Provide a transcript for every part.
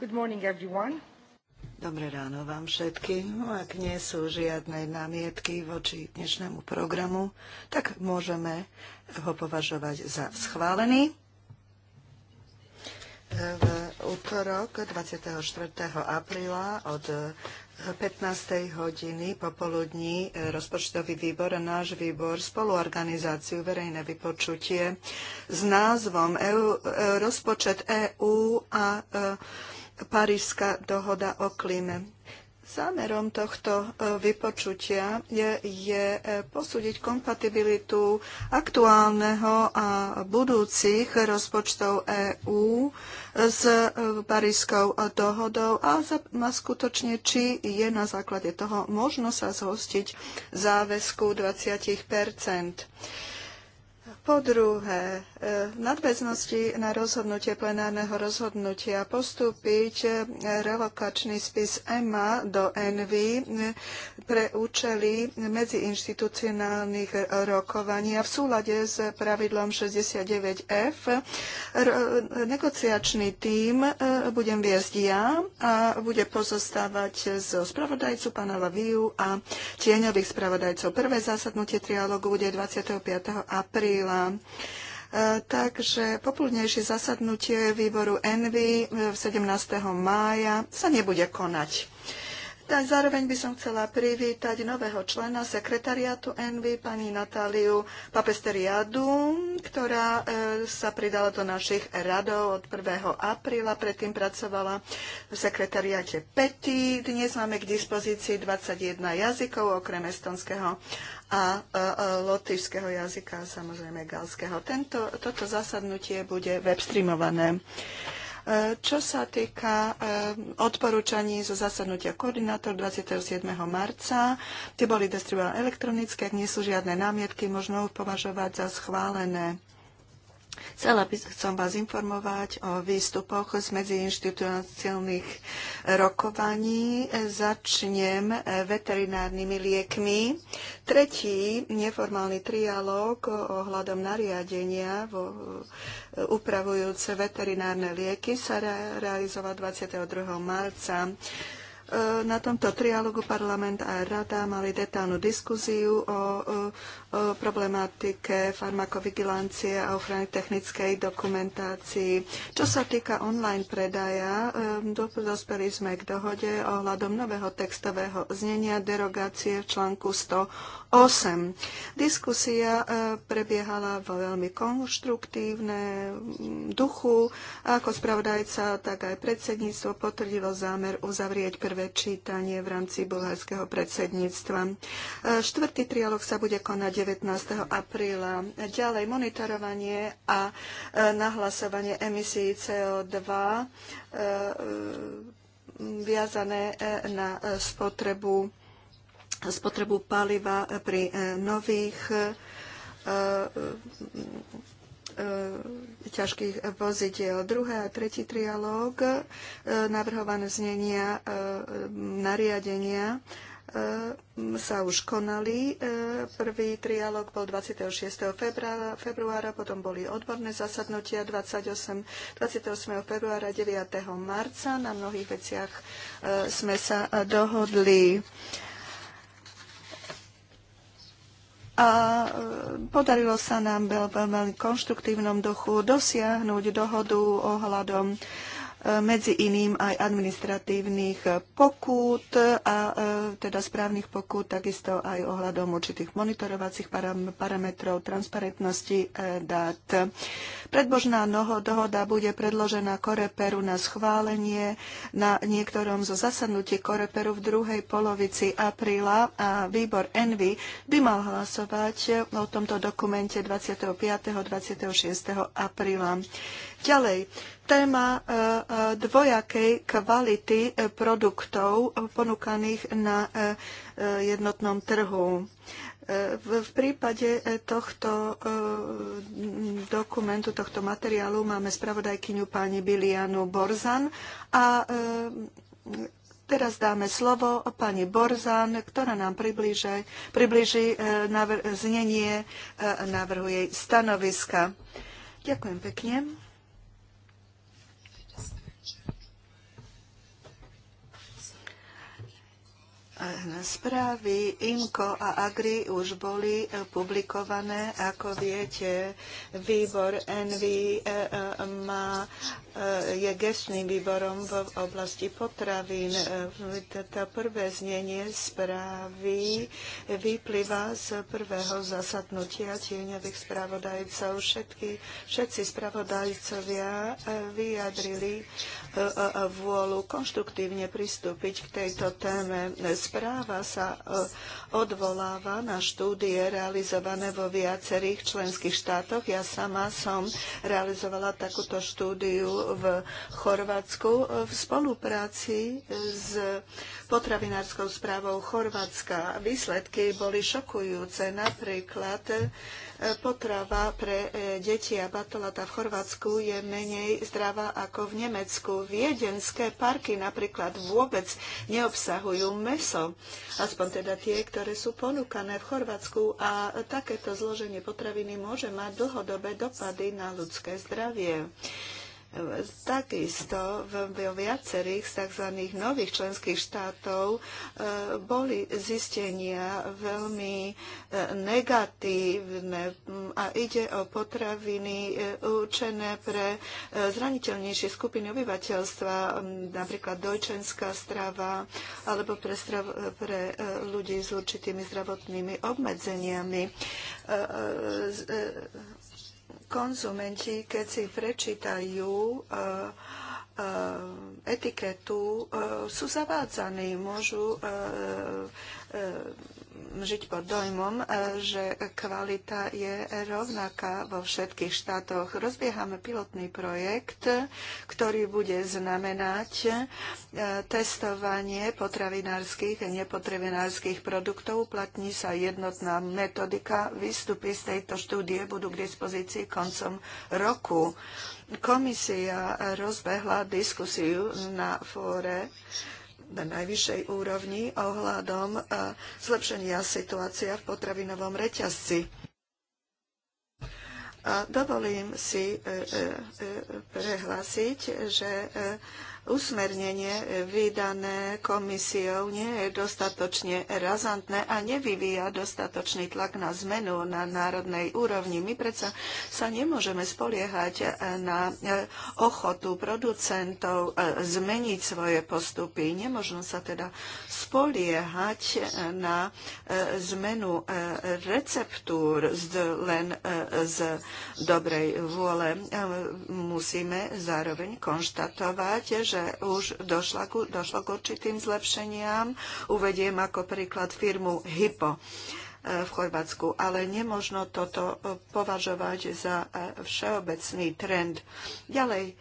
Good morning, everyone. Dobré ráno vám všetkým. No ak nie sú žiadne námietky voči dnešnému programu, tak môžeme ho považovať za schválený. V útorok 24. apríla od 15. hodiny popoludní rozpočtový výbor a náš výbor spoluorganizáciu verejné vypočutie s názvom EU, e-, rozpočet EÚ a e, Parížská dohoda o klíme. Zámerom tohto e, vypočutia je, je e, posúdiť kompatibilitu aktuálneho a budúcich rozpočtov EÚ e, s Parískou dohodou a, za, a skutočne, či je na základe toho možno sa zhostiť záväzku 20 po druhé, e, v nadväznosti na rozhodnutie plenárneho rozhodnutia postúpiť e, relokačný spis EMA do NV pre účely medziinstitucionálnych rokovaní a v súlade s pravidlom 69F negociačný tím e, budem viesť ja a bude pozostávať zo spravodajcu pána Laviu a tieňových spravodajcov. Prvé zasadnutie trialógu bude 25. apríla téma. E, takže popoludnejšie zasadnutie výboru Envy 17. mája sa nebude konať. Tak zároveň by som chcela privítať nového člena sekretariátu Envy, pani Natáliu Papesteriadu, ktorá e, sa pridala do našich radov od 1. apríla. Predtým pracovala v sekretariáte PETI. Dnes máme k dispozícii 21 jazykov, okrem estonského a lotyšského jazyka a samozrejme galského. Tento, toto zasadnutie bude webstreamované. E, čo sa týka e, odporúčaní zo zasadnutia koordinátor 27. marca, tie boli distribuované elektronické, nie sú žiadne námietky, možno považovať za schválené. Chcela by som vás informovať o výstupoch z medziinstitucionálnych rokovaní. Začnem veterinárnymi liekmi. Tretí neformálny trialóg ohľadom nariadenia vo, upravujúce veterinárne lieky sa realizoval 22. marca. E, na tomto trialogu parlament a rada mali detálnu diskuziu o, o, o problematike farmakovigilancie a ochrany technickej dokumentácii. Čo sa týka online predaja, e, dospeli sme k dohode ohľadom nového textového znenia derogácie v článku 108. Diskusia e, prebiehala vo veľmi konštruktívne duchu. Ako spravodajca, tak aj predsedníctvo potvrdilo zámer uzavrieť prvé prvé čítanie v rámci bulharského predsedníctva. E, štvrtý trialog sa bude konať 19. apríla. Ďalej monitorovanie a e, nahlasovanie emisí CO2 e, viazané na spotrebu, spotrebu paliva pri nových E, ťažkých vozidiel. Druhé a tretí trialóg, e, navrhované znenia e, nariadenia sa už konali. Prvý trialog bol 26. Februára, februára, potom boli odborné zasadnutia 28, 28. februára, 9. marca. Na mnohých veciach sme sa dohodli. a e, podarilo sa nám veľmi konštruktívnom duchu dosiahnuť dohodu ohľadom medzi iným aj administratívnych pokút a e, teda správnych pokút, takisto aj ohľadom určitých monitorovacích parametrov transparentnosti e, dát. Predbožná dohoda bude predložená Koreperu na schválenie na niektorom zo zasadnutí Koreperu v druhej polovici apríla a výbor Envy by mal hlasovať o tomto dokumente 25. 26. apríla. Ďalej, téma e, e, dvojakej kvality e, produktov ponúkaných na jednotnom trhu. V prípade tohto dokumentu, tohto materiálu máme spravodajkyňu pani Bilianu Borzan a Teraz dáme slovo pani Borzan, ktorá nám približe, približí znenie návrhu jej stanoviska. Ďakujem pekne. Správy IMCO a AGRI už boli e, publikované. Ako viete, výbor NV e, e, má, je gestným výborom v oblasti potravín. Toto prvé znenie správy vyplýva z prvého zasadnutia tieňových spravodajcov. Všetky, všetci spravodajcovia vyjadrili E, e, vôľu konštruktívne pristúpiť k tejto téme. Správa sa e, odvoláva na štúdie realizované vo viacerých členských štátoch. Ja sama som realizovala takúto štúdiu v Chorvátsku v spolupráci s potravinárskou správou Chorvátska. Výsledky boli šokujúce. Napríklad potrava pre deti a batolata v Chorvátsku je menej zdravá ako v Nemecku. Viedenské parky napríklad vôbec neobsahujú meso, aspoň teda tie, ktoré sú ponúkané v Chorvátsku a takéto zloženie potraviny môže mať dlhodobé dopady na ľudské zdravie. Takisto v viacerých z tzv. nových členských štátov e, boli zistenia veľmi e, negatívne a ide o potraviny e, určené pre zraniteľnejšie skupiny obyvateľstva, napríklad dojčenská strava alebo pre, strav, pre ľudí s určitými zdravotnými obmedzeniami konzumenti, keď si prečítajú eh, eh, etiketu, eh, sú zavádzaní, môžu žiť pod dojmom, e, že kvalita je rovnaká vo všetkých štátoch. Rozbiehame pilotný projekt, ktorý bude znamenať e, testovanie potravinárskych a nepotravinárskych produktov. Uplatní sa jednotná metodika. Výstupy z tejto štúdie budú k dispozícii koncom roku. Komisia rozbehla diskusiu na fóre na najvyššej úrovni ohľadom e, zlepšenia situácia v potravinovom reťazci. A dovolím si e, e, prehlásiť, že usmernenie vydané komisiou nie je dostatočne razantné a nevyvíja dostatočný tlak na zmenu na národnej úrovni. My predsa sa nemôžeme spoliehať na e, ochotu producentov e, zmeniť svoje postupy. Nemožno sa teda spoliehať na e, zmenu receptúr len z dobrej vôle. Musíme zároveň konštatovať, že už došla, došlo k určitým zlepšeniam. Uvediem ako príklad firmu Hypo e, v Chorvátsku, ale nemožno toto e, považovať za e, všeobecný trend. Ďalej,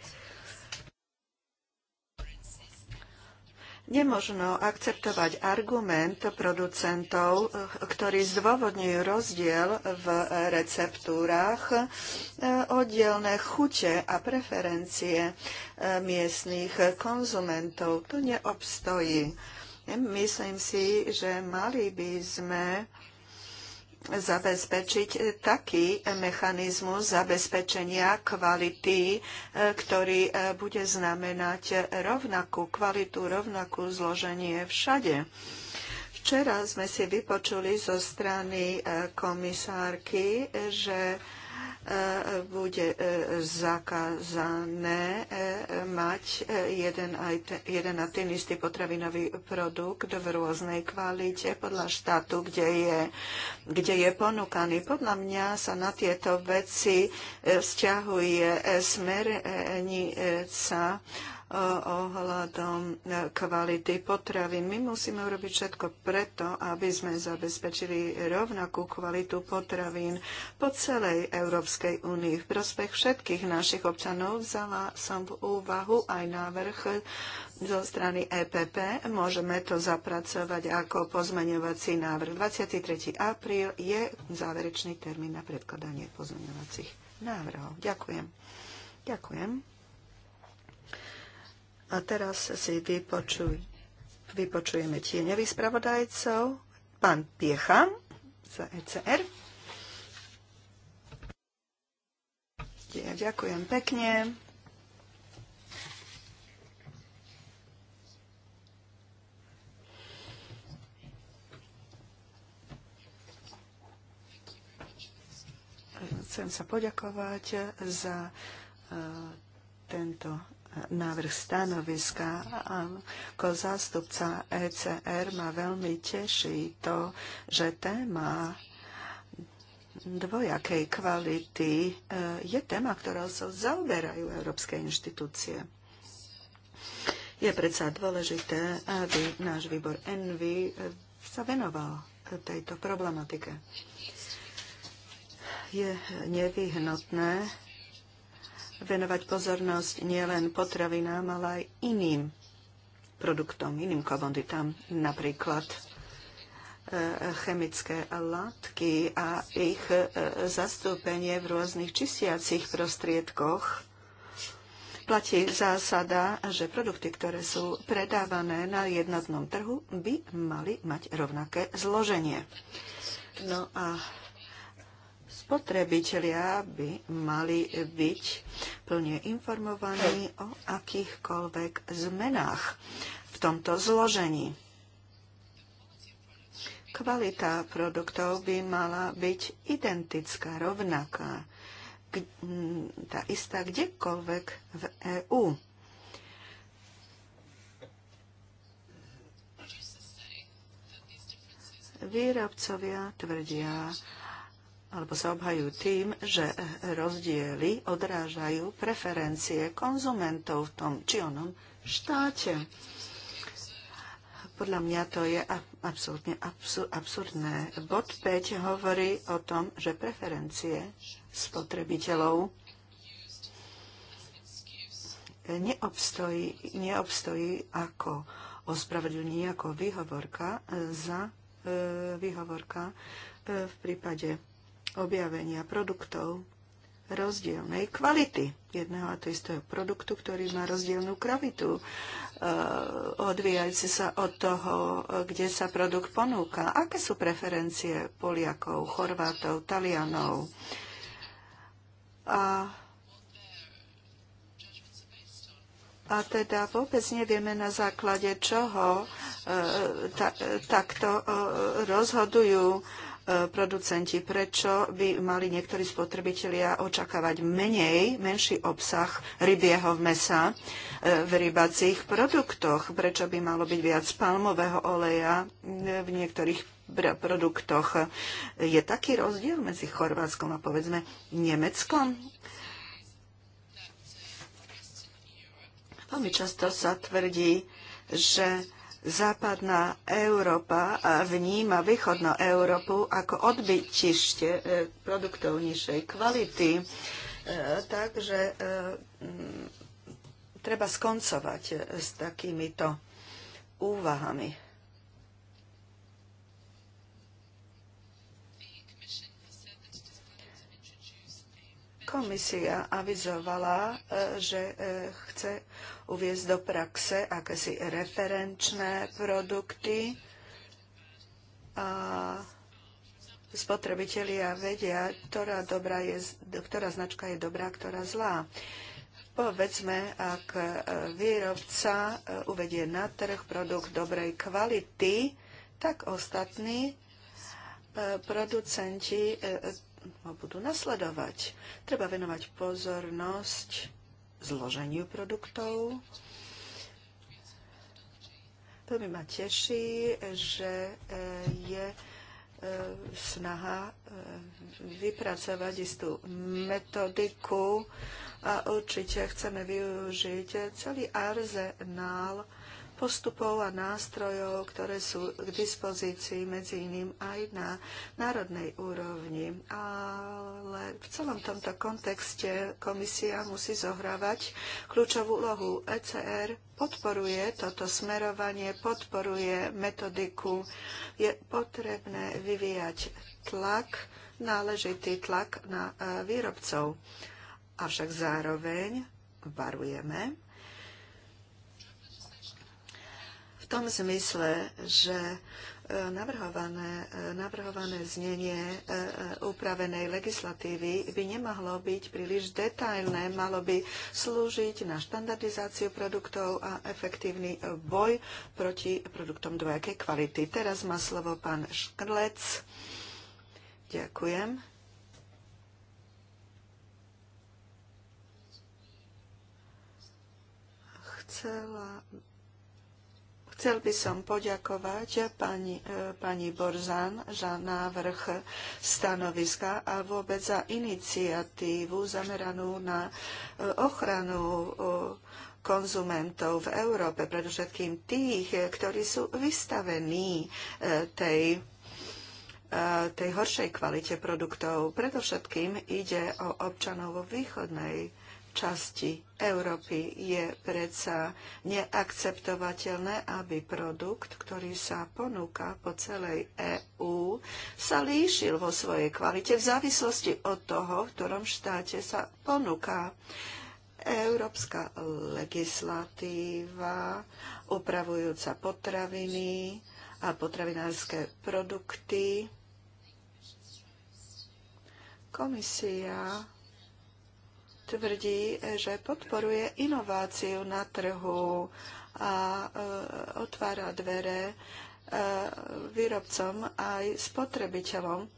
Nemožno akceptovať argument producentov, ktorí zdôvodňujú rozdiel v receptúrach, e, oddielne chute a preferencie e, miestných konzumentov. To neobstojí. Myslím si, že mali by sme zabezpečiť taký mechanizmus zabezpečenia kvality, e, ktorý e, bude znamenať rovnakú kvalitu, rovnakú zloženie všade. Včera sme si vypočuli zo strany e, komisárky, že bude e, zakázané e, mať e, jeden, aj jeden a ten istý potravinový produkt v rôznej kvalite podľa štátu, kde je, kde je ponúkaný. Podľa mňa sa na tieto veci vzťahuje smernica ohľadom e, kvality potravín. My musíme urobiť všetko preto, aby sme zabezpečili rovnakú kvalitu potravín po celej Európskej únii. V prospech všetkých našich občanov vzala som v úvahu aj návrh zo strany EPP. Môžeme to zapracovať ako pozmeňovací návrh. 23. apríl je záverečný termín na predkladanie pozmeňovacích návrhov. Ďakujem. Ďakujem. A teraz si vypočuj, vypočujeme tieňových spravodajcov. Pán Piecha za ECR. Ja ďakujem pekne. Chcem sa poďakovať za eh, tento návrh stanoviska. Ako zástupca ECR ma veľmi teší to, že téma dvojakej kvality eh, je téma, ktorou sa zaoberajú európske inštitúcie. Je predsa dôležité, aby náš výbor Envy sa venoval tejto problematike. Je nevyhnutné venovať pozornosť nielen potravinám, ale aj iným produktom, iným komoditám, napríklad e, chemické látky a ich e, zastúpenie v rôznych čistiacich prostriedkoch. Platí zásada, že produkty, ktoré sú predávané na jednotnom trhu, by mali mať rovnaké zloženie. No a Spotrebitelia by mali byť plne informovaní o akýchkoľvek zmenách v tomto zložení. Kvalita produktov by mala byť identická, rovnaká, tá istá kdekoľvek v EÚ. výrobcovia tvrdia, alebo sa obhajujú tým, že rozdiely odrážajú preferencie konzumentov v tom či onom štáte. Podľa mňa to je absolútne absur- absurdné. Bod 5 hovorí o tom, že preferencie spotrebiteľov neobstojí, neobstojí ako ospravedlnenie, ako výhovorka za e, výhovorka e, v prípade objavenia produktov rozdielnej kvality jedného a to istého produktu, ktorý má rozdielnú kravitu, e, odvíjajúce sa od toho, kde sa produkt ponúka. Aké sú preferencie Poliakov, Chorvátov, Talianov? A A teda vôbec nevieme na základe čoho e, takto e, rozhodujú E, producenti, prečo by mali niektorí spotrebitelia očakávať menej, menší obsah rybieho mesa e, v rybacích produktoch, prečo by malo byť viac palmového oleja e, v niektorých produktoch. Je taký rozdiel medzi Chorvátskom a povedzme Nemeckom? Veľmi často sa tvrdí, že Západná Európa vníma východnú Európu ako odbytište e, produktov nižšej kvality. E, takže e, treba skoncovať s takýmito úvahami. Komisia avizovala, e, že e, chce uviezť do praxe akési referenčné produkty a spotrebitelia vedia, ktorá, dobrá je, ktorá značka je dobrá, ktorá zlá. Povedzme, ak e, výrobca uvedie na trh produkt dobrej kvality, tak ostatní producenti ho budú nasledovať. Treba venovať pozornosť zloženiu produktov. Veľmi ma teší, že e, je e, snaha e, vypracovať istú metodiku a určite chceme využiť celý arzenál postupov a nástrojov, ktoré sú k dispozícii medzi iným aj na národnej úrovni. Ale v celom tomto kontexte komisia musí zohrávať kľúčovú úlohu. ECR podporuje toto smerovanie, podporuje metodiku. Je potrebné vyvíjať tlak, náležitý tlak na e, výrobcov. Avšak zároveň varujeme, tom zmysle, že e, navrhované, e, navrhované znenie e, upravenej legislatívy by nemohlo byť príliš detailné, malo by slúžiť na štandardizáciu produktov a efektívny boj proti produktom dvojakej kvality. Teraz má slovo pán Škrlec. Ďakujem. Chcela Chcel by som poďakovať pani, e, pani Borzan za návrh stanoviska a vôbec za iniciatívu zameranú na e, ochranu e, konzumentov v Európe, predovšetkým tých, ktorí sú vystavení tej tej horšej kvalite produktov. Predovšetkým ide o občanov vo východnej časti Európy je predsa neakceptovateľné, aby produkt, ktorý sa ponúka po celej EÚ, sa líšil vo svojej kvalite v závislosti od toho, v ktorom štáte sa ponúka. Európska legislatíva upravujúca potraviny a potravinárske produkty. Komisia tvrdí, že podporuje inováciu na trhu a e, otvára dvere e, výrobcom aj spotrebiteľom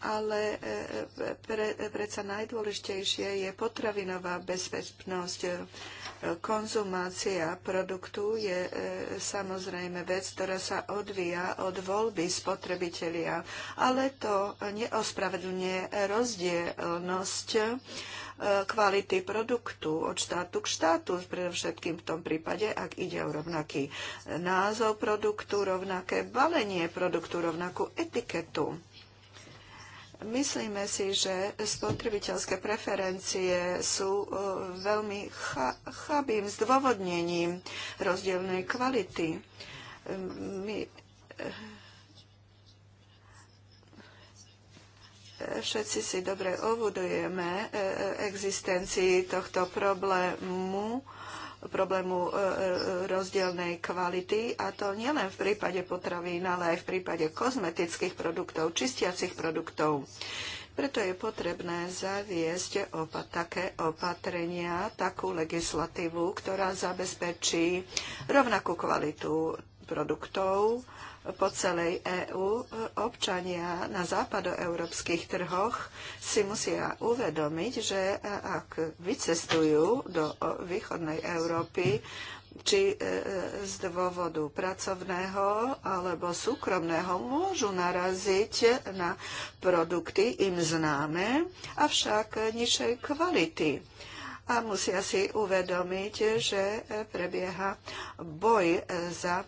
ale e, e, pre, e, predsa najdôležitejšie je potravinová bezpečnosť. Konzumácia produktu je samozrejme vec, ktorá sa odvíja od voľby spotrebitelia, ale to neospravedlňuje rozdielnosť kvality produktu od štátu k štátu, predovšetkým v tom prípade, ak ide o rovnaký názov produktu, rovnaké balenie produktu, rovnakú etiketu Myslíme si, že spotrebiteľské preferencie sú e, veľmi chabým zdôvodnením rozdielnej kvality. Ehm, my e, všetci si dobre ovodujeme e, existencii tohto problému problému e, e, rozdielnej kvality a to nielen v prípade potravín, ale aj v prípade kozmetických produktov, čistiacich produktov. Preto je potrebné zaviesť opa- také opatrenia, takú legislatívu, ktorá zabezpečí rovnakú kvalitu produktov po celej EÚ. Občania na západoeurópskych trhoch si musia uvedomiť, že ak vycestujú do východnej Európy, či e, e, z dôvodu pracovného alebo súkromného môžu naraziť na produkty im známe, avšak nižšej kvality. A musia si uvedomiť, že e, prebieha boj za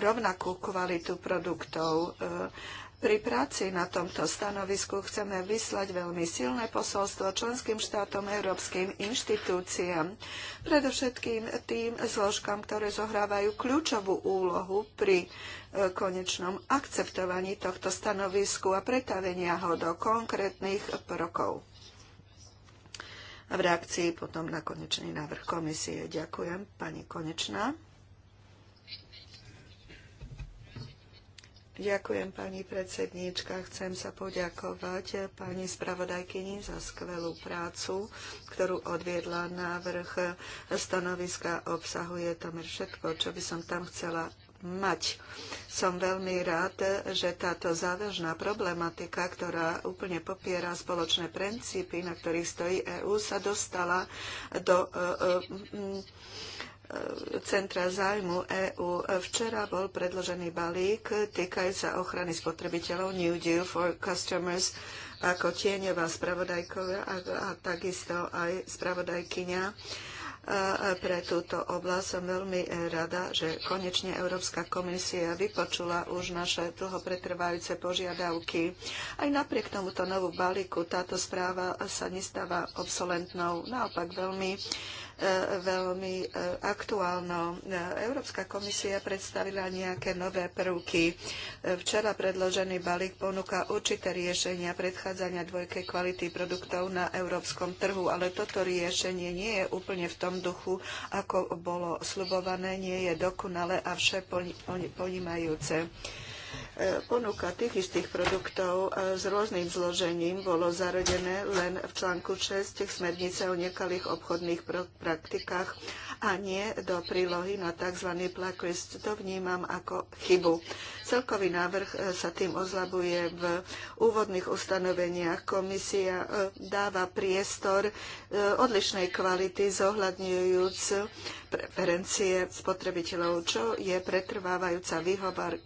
rovnakú kvalitu produktov. E, pri práci na tomto stanovisku chceme vyslať veľmi silné posolstvo členským štátom, európskym inštitúciám, predovšetkým tým zložkám, ktoré zohrávajú kľúčovú úlohu pri e, konečnom akceptovaní tohto stanovisku a pretavenia ho do konkrétnych prokov. A v reakcii potom na konečný návrh komisie. Ďakujem, pani Konečná. Ďakujem pani predsedníčka. Chcem sa poďakovať pani spravodajkyni za skvelú prácu, ktorú odviedla návrh stanoviska. Obsahuje tam všetko, čo by som tam chcela mať. Som veľmi rád, že táto závažná problematika, ktorá úplne popiera spoločné princípy, na ktorých stojí EÚ, sa dostala do uh, uh, centra zájmu EÚ. Včera bol predložený balík týkajúca sa ochrany spotrebiteľov New Deal for Customers ako tieňová spravodajkovia a, a takisto aj spravodajkyňa e, pre túto oblasť. Som veľmi rada, že konečne Európska komisia vypočula už naše dlho pretrvajúce požiadavky. Aj napriek tomuto novú balíku táto správa sa nestáva obsolentnou, naopak veľmi veľmi e, aktuálno. E, Európska komisia predstavila nejaké nové prvky. E, včera predložený balík ponúka určité riešenia predchádzania dvojkej kvality produktov na európskom trhu, ale toto riešenie nie je úplne v tom duchu, ako bolo slubované, nie je dokonale a vše ponímajúce. Poni- Ponuka tých istých produktov e, s rôznym zložením bolo zaradené len v článku 6 smernice o nekalých obchodných praktikách a nie do prílohy na tzv. plaquist, To vnímam ako chybu. Celkový návrh e, sa tým ozlabuje v úvodných ustanoveniach. Komisia e, dáva priestor odlišnej kvality zohľadňujúc preferencie spotrebiteľov, čo je pretrvávajúca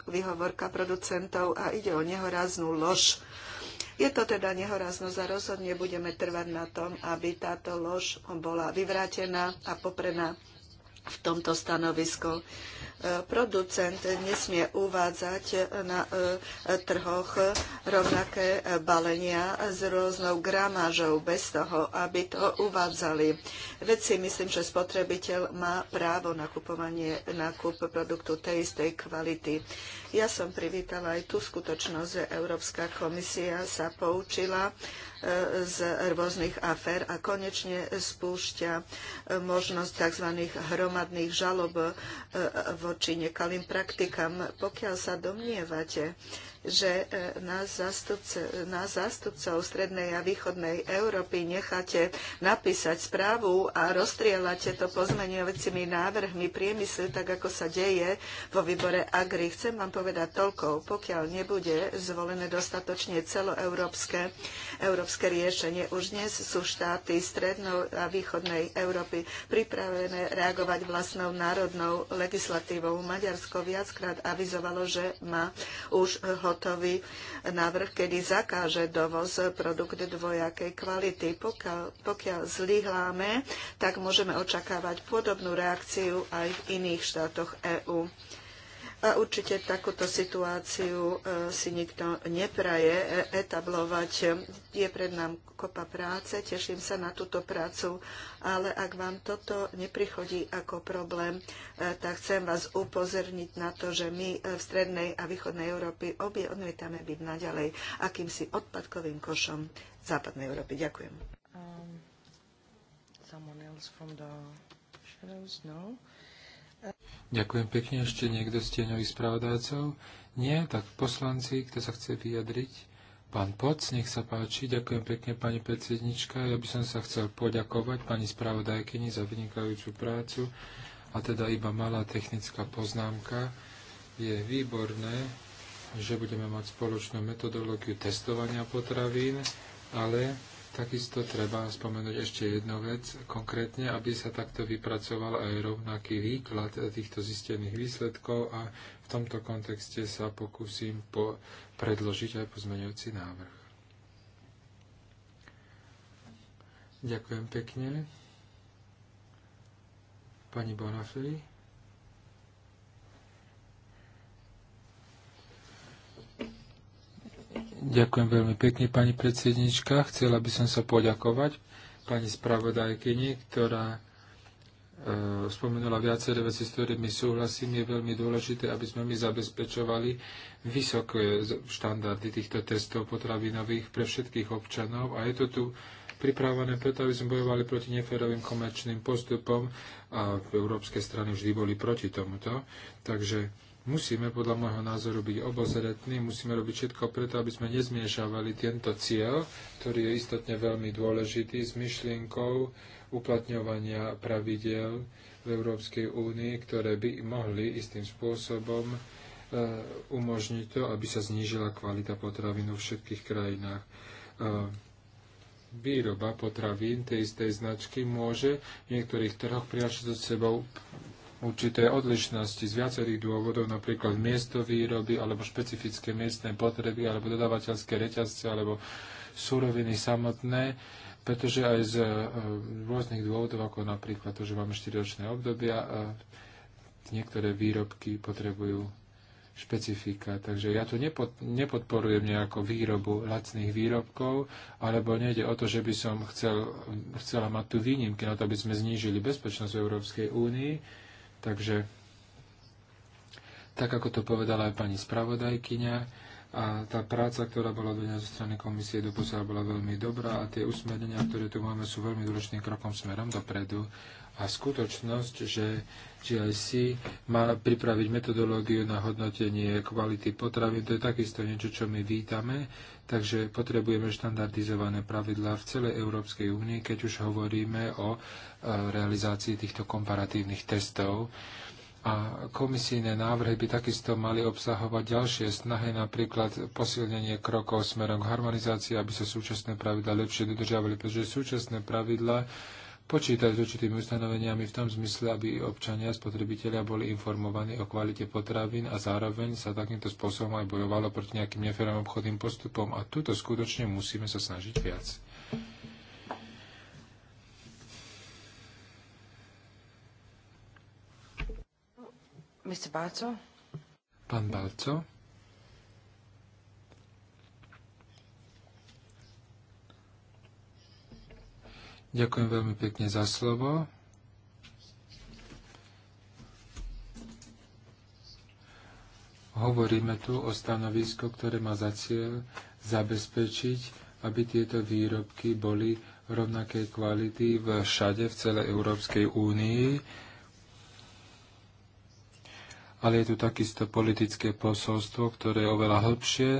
vyhovorka produktov producentov a ide o nehoráznú lož. Je to teda nehoráznosť a rozhodne budeme trvať na tom, aby táto lož bola vyvrátená a poprená v tomto stanovisku e, producent nesmie uvádzať na e, trhoch rovnaké balenia s rôznou gramážou bez toho, aby to uvádzali. Veď si myslím, že spotrebiteľ má právo na kupovanie, na kúp produktu tej istej kvality. Ja som privítala aj tú skutočnosť, že Európska komisia sa poučila z rôznych afér a konečne spúšťa možnosť tzv. hromadných žalob e, voči nekalým praktikám. Pokiaľ sa domnievate, že nás, nás zástupcov strednej a východnej Európy necháte napísať správu a rozstrielate to pozmeňovacími návrhmi priemysle, tak ako sa deje vo výbore Agri. Chcem vám povedať toľko, pokiaľ nebude zvolené dostatočne celoeurópske európske riešenie. Už dnes sú štáty strednou a východnej Európy pripravené reagovať vlastnou národnou legislatívou. Maďarsko viackrát avizovalo, že má už ho hotový návrh, kedy zakáže dovoz produkt dvojakej kvality. Pokiaľ, pokiaľ zlyhláme, tak môžeme očakávať podobnú reakciu aj v iných štátoch EÚ. A určite takúto situáciu e, si nikto nepraje e, etablovať. Je pred nám kopa práce, teším sa na túto prácu, ale ak vám toto neprichodí ako problém, e, tak chcem vás upozorniť na to, že my v strednej a východnej Európy obie odmietame byť naďalej akýmsi odpadkovým košom západnej Európy. Ďakujem. Um, someone else from the shadows? No. Ďakujem pekne. Ešte niekto z tieňových spravodajcov? Nie? Tak poslanci, kto sa chce vyjadriť? Pán Poc, nech sa páči. Ďakujem pekne, pani predsednička. Ja by som sa chcel poďakovať pani spravodajkyni za vynikajúcu prácu. A teda iba malá technická poznámka. Je výborné, že budeme mať spoločnú metodológiu testovania potravín, ale Takisto treba spomenúť ešte jednu vec, konkrétne, aby sa takto vypracoval aj rovnaký výklad týchto zistených výsledkov a v tomto kontexte sa pokúsim po predložiť aj pozmeňujúci návrh. Ďakujem pekne. Pani Bonafili. Ďakujem veľmi pekne, pani predsednička. Chcela by som sa poďakovať pani spravodajkyni, ktorá e, spomenula viaceré veci, s ktorými súhlasím. Je veľmi dôležité, aby sme my zabezpečovali vysoké štandardy týchto testov potravinových pre všetkých občanov. A je to tu pripravené preto, aby sme bojovali proti neférovým komerčným postupom a v Európskej strany vždy boli proti tomuto. Takže Musíme podľa môjho názoru byť obozretní, musíme robiť všetko preto, aby sme nezmiešavali tento cieľ, ktorý je istotne veľmi dôležitý, s myšlienkou uplatňovania pravidel v Európskej únii, ktoré by mohli istým spôsobom e, umožniť to, aby sa znížila kvalita potravín vo všetkých krajinách. E, výroba potravín tej istej značky môže v niektorých trhoch prinášať so sebou určité odlišnosti z viacerých dôvodov, napríklad miesto výroby, alebo špecifické miestne potreby, alebo dodávateľské reťazce, alebo suroviny samotné, pretože aj z e, rôznych dôvodov, ako napríklad to, že máme 4-ročné obdobia, a e, niektoré výrobky potrebujú špecifika. Takže ja tu nepod, nepodporujem nejakú výrobu lacných výrobkov, alebo nejde o to, že by som chcel, chcela mať tu výnimky na to, aby sme znížili bezpečnosť v Európskej únii. Takže, tak ako to povedala aj pani spravodajkyňa, a tá práca, ktorá bola do zo strany komisie doposiaľ bola veľmi dobrá a tie usmernenia, ktoré tu máme, sú veľmi dôležitým krokom smerom dopredu a skutočnosť, že GIC má pripraviť metodológiu na hodnotenie kvality potravy. to je takisto niečo, čo my vítame, takže potrebujeme štandardizované pravidlá v celej Európskej únii, keď už hovoríme o e, realizácii týchto komparatívnych testov. A komisijné návrhy by takisto mali obsahovať ďalšie snahy, napríklad posilnenie krokov smerom k harmonizácii, aby sa súčasné pravidla lepšie dodržiavali, pretože súčasné pravidla počítať s určitými ustanoveniami v tom zmysle, aby občania, spotrebitelia boli informovaní o kvalite potravín a zároveň sa takýmto spôsobom aj bojovalo proti nejakým neférom obchodným postupom. A tuto skutočne musíme sa snažiť viac. Mr. Balco? Pán Balco? Ďakujem veľmi pekne za slovo. Hovoríme tu o stanovisko, ktoré má za cieľ zabezpečiť, aby tieto výrobky boli rovnakej kvality všade v celej Európskej únii. Ale je tu takisto politické posolstvo, ktoré je oveľa hĺbšie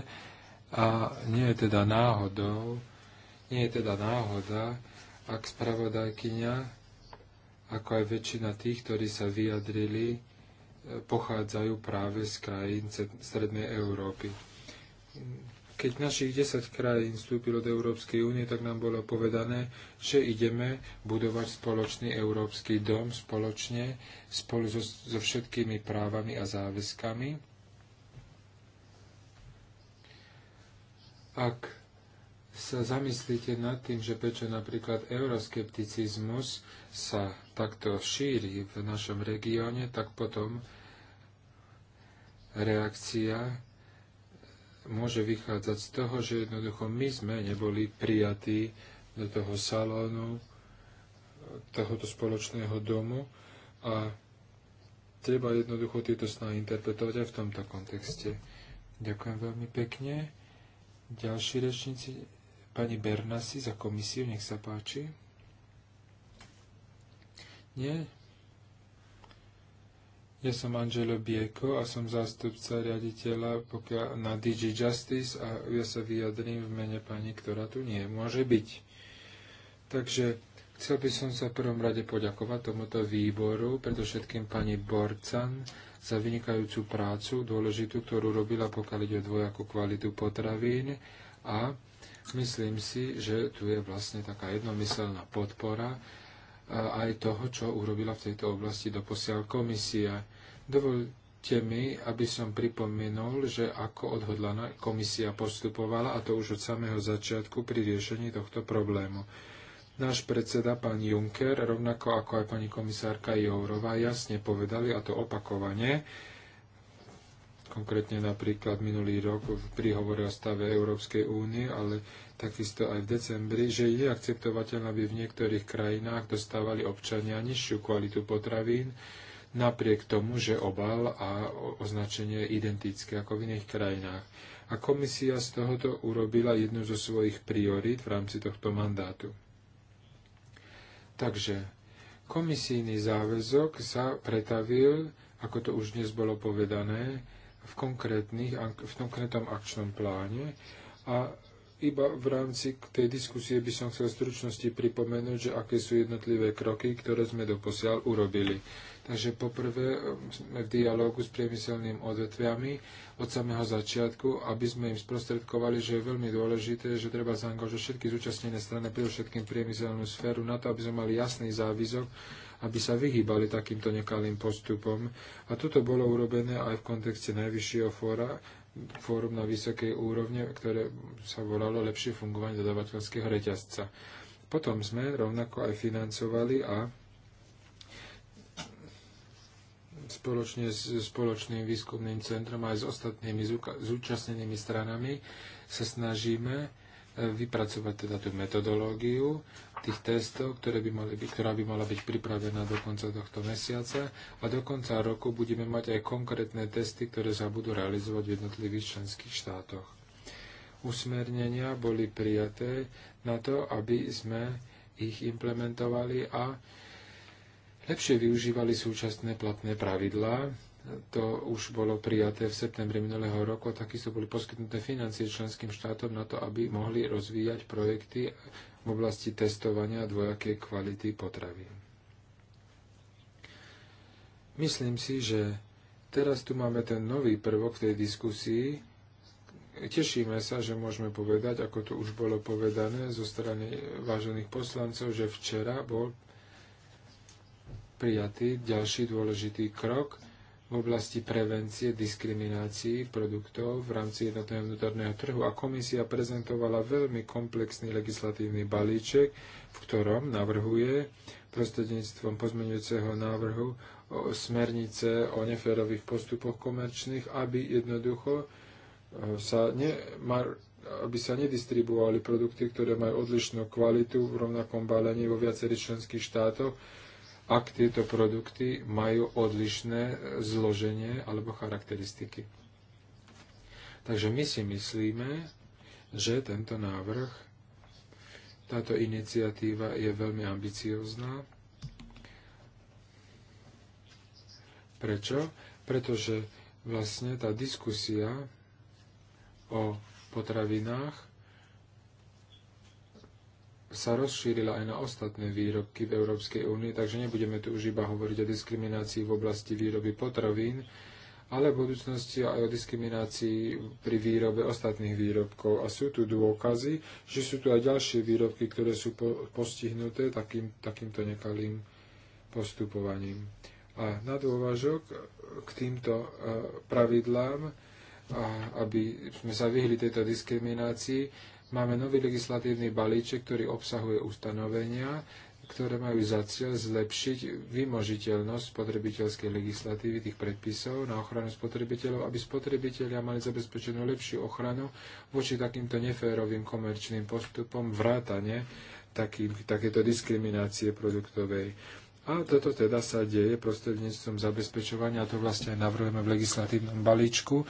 a nie je teda náhodou, nie je teda náhoda, ak spravodajkyňa, ako aj väčšina tých, ktorí sa vyjadrili, e, pochádzajú práve z krajín Strednej Európy. Keď našich 10 krajín vstúpilo do Európskej únie, tak nám bolo povedané, že ideme budovať spoločný Európsky dom spoločne, spolu so, so všetkými právami a záväzkami. Ak sa zamyslíte nad tým, že prečo napríklad euroskepticizmus sa takto šíri v našom regióne, tak potom reakcia môže vychádzať z toho, že jednoducho my sme neboli prijatí do toho salónu, tohoto spoločného domu a treba jednoducho tieto snahy interpretovať aj v tomto kontexte. Ďakujem veľmi pekne. Ďalší rečníci Pani Bernasi za komisiu, nech sa páči. Nie? Ja som Angelo Bieko a som zástupca riaditeľa na DG Justice a ja sa vyjadrím v mene pani, ktorá tu nie môže byť. Takže chcel by som sa v prvom rade poďakovať tomuto výboru, predovšetkým pani Borcan, za vynikajúcu prácu, dôležitú, ktorú robila, pokiaľ ide o dvojakú kvalitu potravín a Myslím si, že tu je vlastne taká jednomyselná podpora e, aj toho, čo urobila v tejto oblasti doposiaľ komisia. Dovolte mi, aby som pripomenul, že ako odhodlaná komisia postupovala, a to už od samého začiatku pri riešení tohto problému. Náš predseda, pán Juncker, rovnako ako aj pani komisárka Jourová, jasne povedali, a to opakovane, konkrétne napríklad minulý rok v príhovore o stave Európskej únie, ale takisto aj v decembri, že je akceptovateľné, aby v niektorých krajinách dostávali občania nižšiu kvalitu potravín, napriek tomu, že obal a označenie je identické ako v iných krajinách. A komisia z tohoto urobila jednu zo svojich priorít v rámci tohto mandátu. Takže komisijný záväzok sa pretavil, ako to už dnes bolo povedané, v, v konkrétnom akčnom pláne a iba v rámci tej diskusie by som chcel v stručnosti pripomenúť, že aké sú jednotlivé kroky, ktoré sme doposiaľ urobili. Takže poprvé um, sme v dialógu s priemyselnými odvetviami od samého začiatku, aby sme im sprostredkovali, že je veľmi dôležité, že treba zaangažovať všetky zúčastnené strany, všetkým priemyselnú sféru, na to, aby sme mali jasný závizok, aby sa vyhýbali takýmto nekalým postupom. A toto bolo urobené aj v kontexte najvyššieho fóra, fórum na vysokej úrovne, ktoré sa volalo lepšie fungovanie dodavateľského reťazca. Potom sme rovnako aj financovali a spoločne s spoločným výskumným centrom aj s ostatnými zúčastnenými stranami sa snažíme e, vypracovať teda tú metodológiu tých testov, ktoré by mali byť, ktorá by mala byť pripravená do konca tohto mesiaca a do konca roku budeme mať aj konkrétne testy, ktoré sa budú realizovať v jednotlivých členských štátoch. Usmernenia boli prijaté na to, aby sme ich implementovali a lepšie využívali súčasné platné pravidlá. To už bolo prijaté v septembri minulého roku a takisto boli poskytnuté financie členským štátom na to, aby mohli rozvíjať projekty v oblasti testovania dvojakej kvality potravy. Myslím si, že teraz tu máme ten nový prvok v tej diskusii. Tešíme sa, že môžeme povedať, ako to už bolo povedané zo strany vážených poslancov, že včera bol prijatý ďalší dôležitý krok v oblasti prevencie diskriminácií produktov v rámci jednotného vnútorného trhu a komisia prezentovala veľmi komplexný legislatívny balíček, v ktorom navrhuje prostredníctvom pozmeňujúceho návrhu o smernice o neférových postupoch komerčných, aby jednoducho e, sa nemar, aby sa nedistribuovali produkty, ktoré majú odlišnú kvalitu v rovnakom balení vo viacerých členských štátoch, ak tieto produkty majú odlišné zloženie alebo charakteristiky. Takže my si myslíme, že tento návrh, táto iniciatíva je veľmi ambiciozná. Prečo? Pretože vlastne tá diskusia o potravinách sa rozšírila aj na ostatné výrobky v Európskej únii, takže nebudeme tu už iba hovoriť o diskriminácii v oblasti výroby potravín, ale v budúcnosti aj o diskriminácii pri výrobe ostatných výrobkov. A sú tu dôkazy, že sú tu aj ďalšie výrobky, ktoré sú po, postihnuté takým, takýmto nekalým postupovaním. A na dôvažok k týmto e, pravidlám, aby sme sa vyhli tejto diskriminácii, Máme nový legislatívny balíček, ktorý obsahuje ustanovenia, ktoré majú za cieľ zlepšiť vymožiteľnosť spotrebiteľskej legislatívy tých predpisov na ochranu spotrebiteľov, aby spotrebitelia mali zabezpečenú lepšiu ochranu voči takýmto neférovým komerčným postupom vrátane taký, takéto diskriminácie produktovej. A toto teda sa deje prostredníctvom zabezpečovania, a to vlastne aj navrhujeme v legislatívnom balíčku,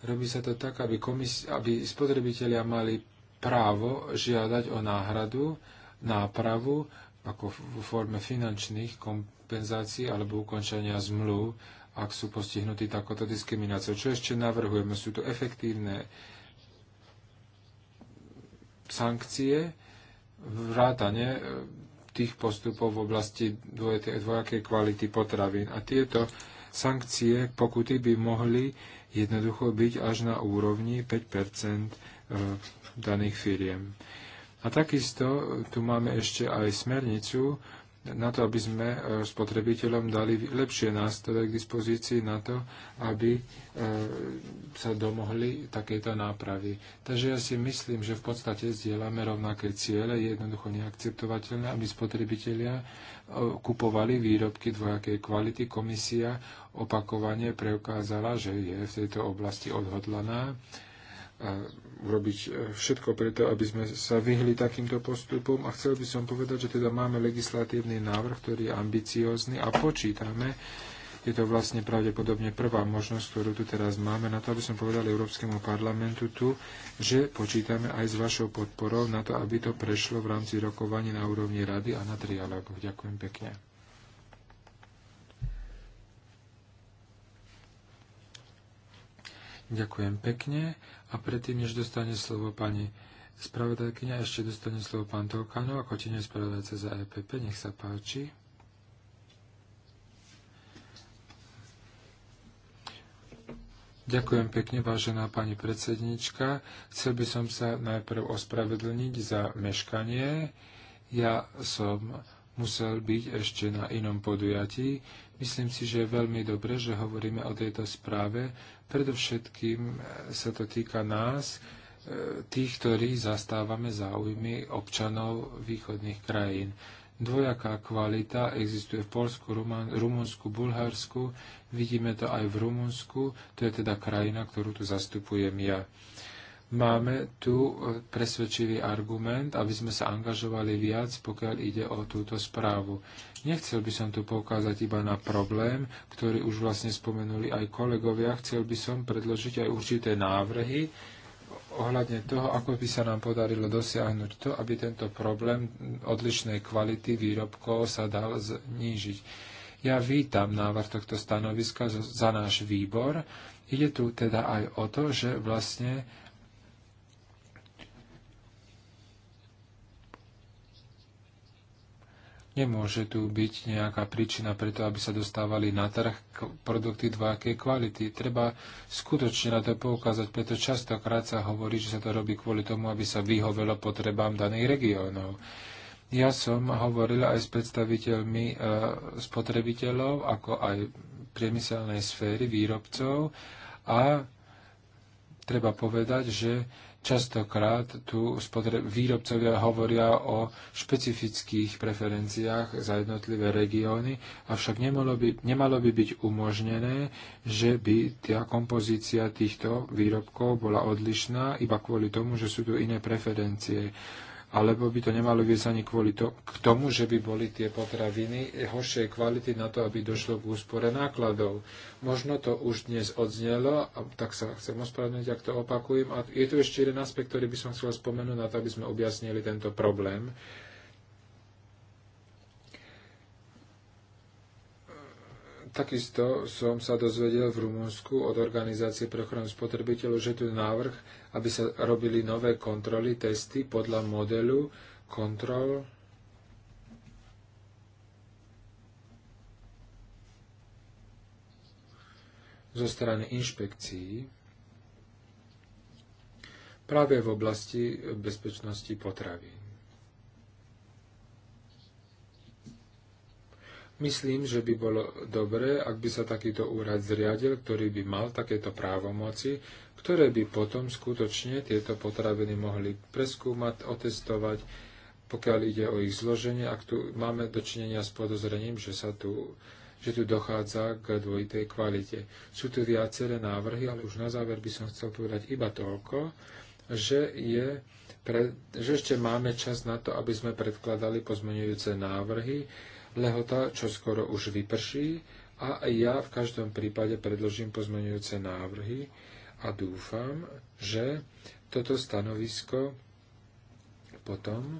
Robí sa to tak, aby, komis- aby spotrebitelia mali právo žiadať o náhradu, nápravu, ako v forme finančných kompenzácií alebo ukončenia zmluv, ak sú postihnutí takoto diskrimináciou. Čo ešte navrhujeme? Sú to efektívne sankcie, vrátane e, tých postupov v oblasti dvojakej kvality potravín. A tieto sankcie, pokuty by mohli jednoducho byť až na úrovni 5 eh, daných firiem. A takisto tu máme ešte aj smernicu na to, aby sme e, spotrebiteľom dali lepšie nástroje k dispozícii na to, aby e, sa domohli takéto nápravy. Takže ja si myslím, že v podstate zdieľame rovnaké ciele, je jednoducho neakceptovateľné, aby spotrebitelia e, kupovali výrobky dvojakej kvality. Komisia opakovane preukázala, že je v tejto oblasti odhodlaná urobiť e, všetko preto, aby sme sa vyhli takýmto postupom a chcel by som povedať, že teda máme legislatívny návrh, ktorý je ambiciózny a počítame, je to vlastne pravdepodobne prvá možnosť, ktorú tu teraz máme, na to, aby som povedal Európskemu parlamentu tu, že počítame aj s vašou podporou na to, aby to prešlo v rámci rokovaní na úrovni rady a na trialógoch. Ďakujem pekne. Ďakujem pekne. A predtým, než dostane slovo pani spravodajkyňa, ešte dostane slovo pán Tolkano ako tieňový spravodajca za EPP. Nech sa páči. Ďakujem pekne, vážená pani predsednička. Chcel by som sa najprv ospravedlniť za meškanie. Ja som musel byť ešte na inom podujatí. Myslím si, že je veľmi dobre, že hovoríme o tejto správe, Predovšetkým e, sa to týka nás, e, tých, ktorí zastávame záujmy občanov východných krajín. Dvojaká kvalita existuje v Polsku, Rumunsku, Bulharsku, vidíme to aj v Rumunsku, to je teda krajina, ktorú tu zastupujem ja. Máme tu e, presvedčivý argument, aby sme sa angažovali viac, pokiaľ ide o túto správu. Nechcel by som tu poukázať iba na problém, ktorý už vlastne spomenuli aj kolegovia. Chcel by som predložiť aj určité návrhy ohľadne toho, ako by sa nám podarilo dosiahnuť to, aby tento problém odlišnej kvality výrobkov sa dal znížiť. Ja vítam návrh tohto stanoviska za náš výbor. Ide tu teda aj o to, že vlastne Nemôže tu byť nejaká príčina preto, aby sa dostávali na trh produkty dvojakej kvality. Treba skutočne na to poukázať, preto častokrát sa hovorí, že sa to robí kvôli tomu, aby sa vyhovelo potrebám daných regiónov. Ja som hovorila aj s predstaviteľmi e, spotrebiteľov, ako aj priemyselnej sféry výrobcov a treba povedať, že Častokrát tu výrobcovia hovoria o špecifických preferenciách za jednotlivé regióny, avšak nemalo by, nemalo by byť umožnené, že by tá kompozícia týchto výrobkov bola odlišná iba kvôli tomu, že sú tu iné preferencie alebo by to nemalo viesť ani kvôli to, k tomu, že by boli tie potraviny horšej kvality na to, aby došlo k úspore nákladov. Možno to už dnes odznelo, a tak sa chcem ospravedlniť, ak to opakujem. A je tu ešte jeden aspekt, ktorý by som chcel spomenúť na to, aby sme objasnili tento problém. Takisto som sa dozvedel v Rumunsku od Organizácie pre ochranu spotrebiteľov, že tu je návrh, aby sa robili nové kontroly, testy podľa modelu kontrol zo strany inšpekcií práve v oblasti bezpečnosti potravín. Myslím, že by bolo dobré, ak by sa takýto úrad zriadil, ktorý by mal takéto právomoci, ktoré by potom skutočne tieto potraviny mohli preskúmať, otestovať, pokiaľ ide o ich zloženie, ak tu máme dočinenia s podozrením, že sa tu že tu dochádza k dvojitej kvalite. Sú tu viaceré návrhy, ale už na záver by som chcel povedať iba toľko, že, je pre, že ešte máme čas na to, aby sme predkladali pozmenujúce návrhy Lehota čo skoro už vyprší a ja v každom prípade predložím pozmenujúce návrhy a dúfam, že toto stanovisko potom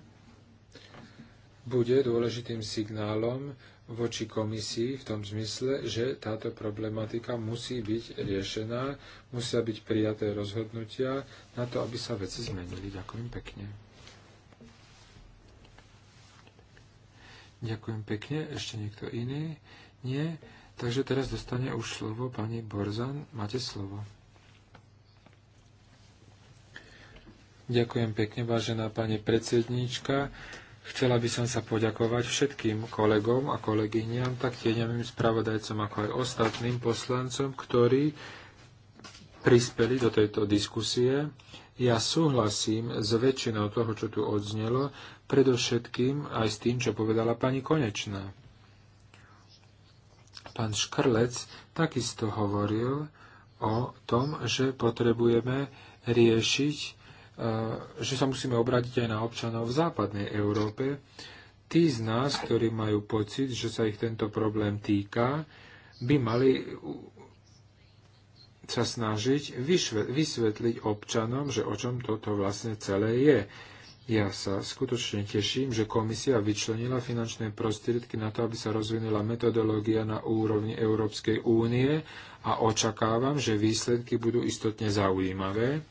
bude dôležitým signálom voči komisii v tom zmysle, že táto problematika musí byť riešená, musia byť prijaté rozhodnutia na to, aby sa veci zmenili. Ďakujem pekne. Ďakujem pekne. Ešte niekto iný? Nie. Takže teraz dostane už slovo pani Borzan. Máte slovo. Ďakujem pekne, vážená pani predsedníčka. Chcela by som sa poďakovať všetkým kolegom a kolegyňam, tak tieňovým spravodajcom, ako aj ostatným poslancom, ktorí prispeli do tejto diskusie. Ja súhlasím s väčšinou toho, čo tu odznelo, predovšetkým aj s tým, čo povedala pani Konečná. Pán Škrlec takisto hovoril o tom, že potrebujeme riešiť, eh, že sa musíme obrátiť aj na občanov v západnej Európe. Tí z nás, ktorí majú pocit, že sa ich tento problém týka, by mali sa snažiť vysvetliť občanom, že o čom toto vlastne celé je. Ja sa skutočne teším, že komisia vyčlenila finančné prostriedky na to, aby sa rozvinula metodológia na úrovni Európskej únie a očakávam, že výsledky budú istotne zaujímavé.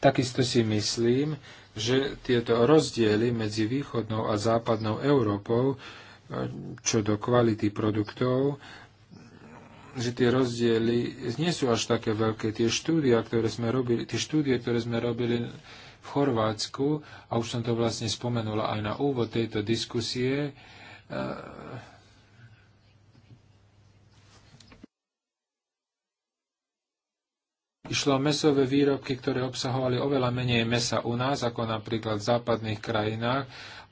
Takisto si myslím, že tieto rozdiely medzi východnou a západnou Európou, eh, čo do kvality produktov, že tie rozdiely nie sú až také veľké. Tie štúdia, ktoré sme robili, tie štúdie, ktoré sme robili v Chorvátsku, a už som to vlastne spomenula aj na úvod tejto diskusie, eh, Išlo o mesové výrobky, ktoré obsahovali oveľa menej mesa u nás, ako napríklad v západných krajinách,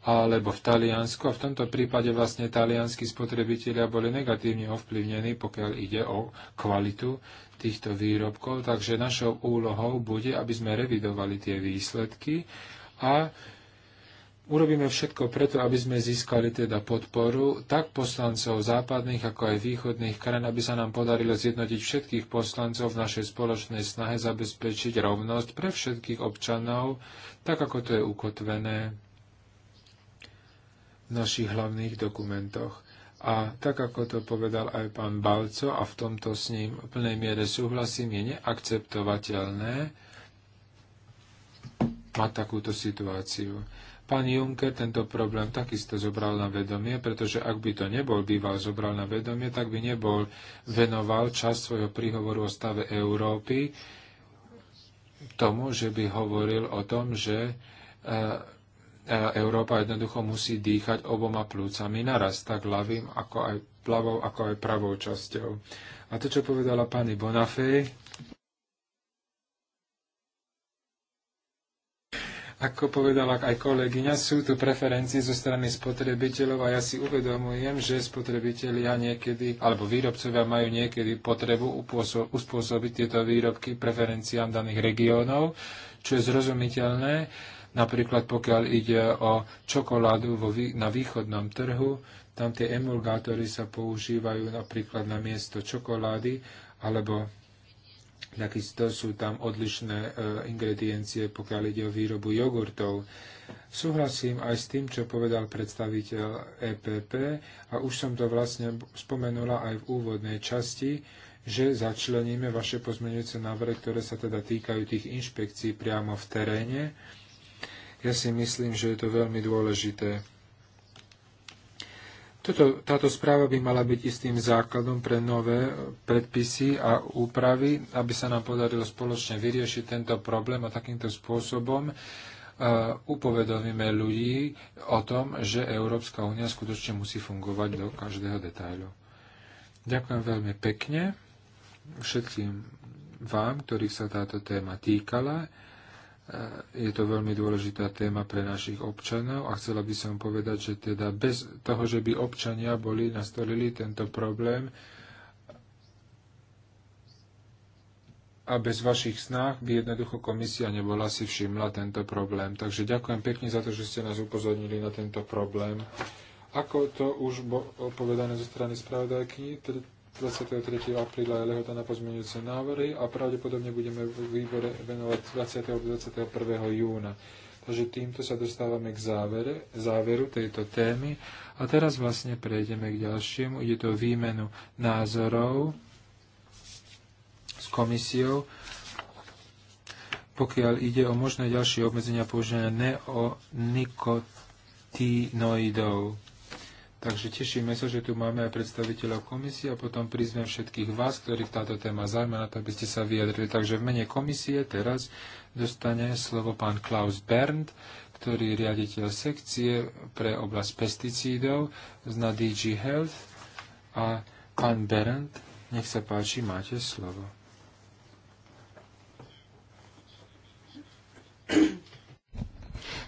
alebo v Taliansku. A v tomto prípade vlastne talianskí spotrebitelia boli negatívne ovplyvnení, pokiaľ ide o kvalitu týchto výrobkov. Takže našou úlohou bude, aby sme revidovali tie výsledky a Urobíme všetko preto, aby sme získali teda podporu tak poslancov západných, ako aj východných krajín, aby sa nám podarilo zjednotiť všetkých poslancov v našej spoločnej snahe zabezpečiť rovnosť pre všetkých občanov, tak ako to je ukotvené v našich hlavných dokumentoch. A tak, ako to povedal aj pán Balco, a v tomto s ním v plnej miere súhlasím, je neakceptovateľné mať takúto situáciu. Pán Juncker tento problém takisto zobral na vedomie, pretože ak by to nebol býval zobral na vedomie, tak by nebol venoval čas svojho príhovoru o stave Európy tomu, že by hovoril o tom, že eh, E, Európa jednoducho musí dýchať oboma plúcami naraz, tak ľavým ako aj plavou, ako aj pravou časťou. A to, čo povedala pani bonafej. ako povedala aj kolegyňa, sú tu preferencie zo strany spotrebiteľov a ja si uvedomujem, že spotrebitelia niekedy, alebo výrobcovia majú niekedy potrebu uspôsobiť tieto výrobky preferenciám daných regiónov, čo je zrozumiteľné, Napríklad pokiaľ ide o čokoládu vo, na východnom trhu, tam tie emulgátory sa používajú napríklad na miesto čokolády, alebo takisto sú tam odlišné e, ingrediencie, pokiaľ ide o výrobu jogurtov. Súhlasím aj s tým, čo povedal predstaviteľ EPP a už som to vlastne spomenula aj v úvodnej časti, že začleníme vaše pozmeňujúce návrhy, ktoré sa teda týkajú tých inšpekcií priamo v teréne. Ja si myslím, že je to veľmi dôležité. Toto, táto správa by mala byť istým základom pre nové predpisy a úpravy, aby sa nám podarilo spoločne vyriešiť tento problém a takýmto spôsobom Uh, upovedomíme ľudí o tom, že Európska únia skutočne musí fungovať do každého detailu. Ďakujem veľmi pekne všetkým vám, ktorých sa táto téma týkala. E, je to veľmi dôležitá téma pre našich občanov a chcela by som povedať, že teda bez toho, že by občania boli nastolili tento problém a bez vašich snách by jednoducho komisia nebola si všimla tento problém. Takže ďakujem pekne za to, že ste nás upozornili na tento problém. Ako to už bolo povedané zo strany spravodajky, 23. apríla je lehota na pozmeňujúce návrhy a pravdepodobne budeme v výbore venovať 20. 21. júna. Takže týmto sa dostávame k závere, záveru tejto témy a teraz vlastne prejdeme k ďalšiemu. Ide to výmenu názorov s komisiou, pokiaľ ide o možné ďalšie obmedzenia používania neonikotinoidov. Takže tešíme sa, že tu máme aj predstaviteľov komisie a potom prizvem všetkých vás, ktorých táto téma zaujíma, na to, aby ste sa vyjadrili. Takže v mene komisie teraz dostane slovo pán Klaus Bernd, ktorý je riaditeľ sekcie pre oblasť pesticídov na DG Health. A pán Bernd, nech sa páči, máte slovo.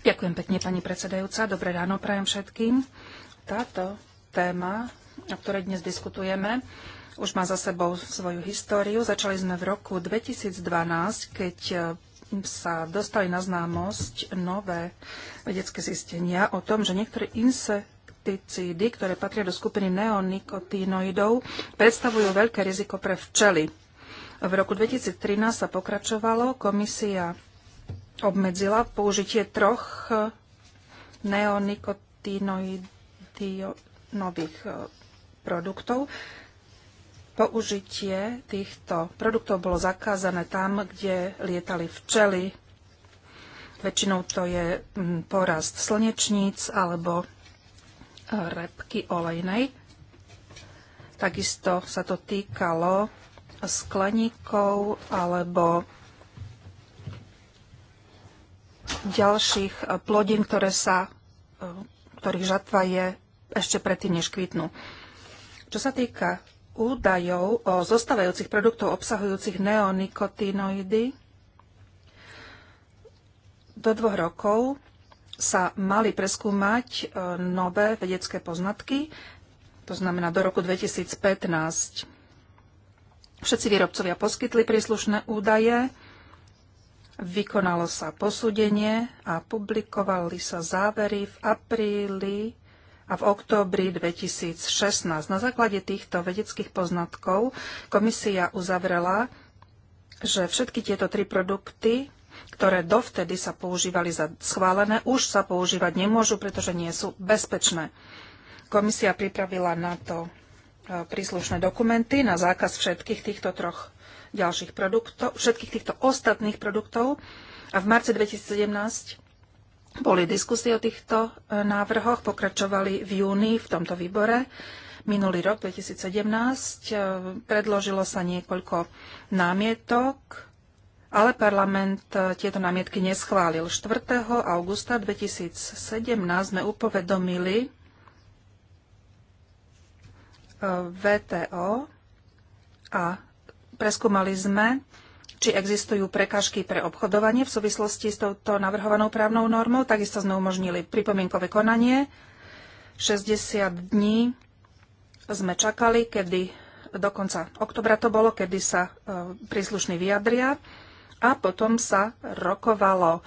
Ďakujem pekne, pani predsedajúca. Dobré ráno prajem všetkým. Táto téma, o ktorej dnes diskutujeme, už má za sebou svoju históriu. Začali sme v roku 2012, keď eh, sa dostali na známosť nové vedecké zistenia o tom, že niektoré insekticídy, ktoré patria do skupiny neonikotinoidov, predstavujú veľké riziko pre včely. V roku 2013 sa pokračovalo, komisia obmedzila použitie troch neonikotinoidov kvality nových e, produktov. Použitie týchto produktov bolo zakázané tam, kde lietali včely. Väčšinou to je porast slnečníc alebo e, repky olejnej. Takisto sa to týkalo skleníkov alebo ďalších e, plodín, ktoré sa, ktorých žatva je ešte predtým, než kvitnú. Čo sa týka údajov o zostávajúcich produktov obsahujúcich neonikotinoidy, do dvoch rokov sa mali preskúmať e, nové vedecké poznatky, to znamená do roku 2015. Všetci výrobcovia poskytli príslušné údaje, vykonalo sa posúdenie a publikovali sa závery v apríli a v októbri 2016. Na základe týchto vedeckých poznatkov komisia uzavrela, že všetky tieto tri produkty, ktoré dovtedy sa používali za schválené, už sa používať nemôžu, pretože nie sú bezpečné. Komisia pripravila na to e, príslušné dokumenty na zákaz všetkých týchto troch ďalších produktov, všetkých týchto ostatných produktov a v marci 2017 boli diskusie o týchto e, návrhoch, pokračovali v júni v tomto výbore. Minulý rok 2017 e, predložilo sa niekoľko námietok, ale parlament e, tieto námietky neschválil. 4. augusta 2017 sme upovedomili VTO a preskúmali sme či existujú prekážky pre obchodovanie v súvislosti s touto navrhovanou právnou normou. Takisto sme umožnili pripomienkové konanie. 60 dní sme čakali, kedy do konca oktobra to bolo, kedy sa e, príslušní vyjadria a potom sa rokovalo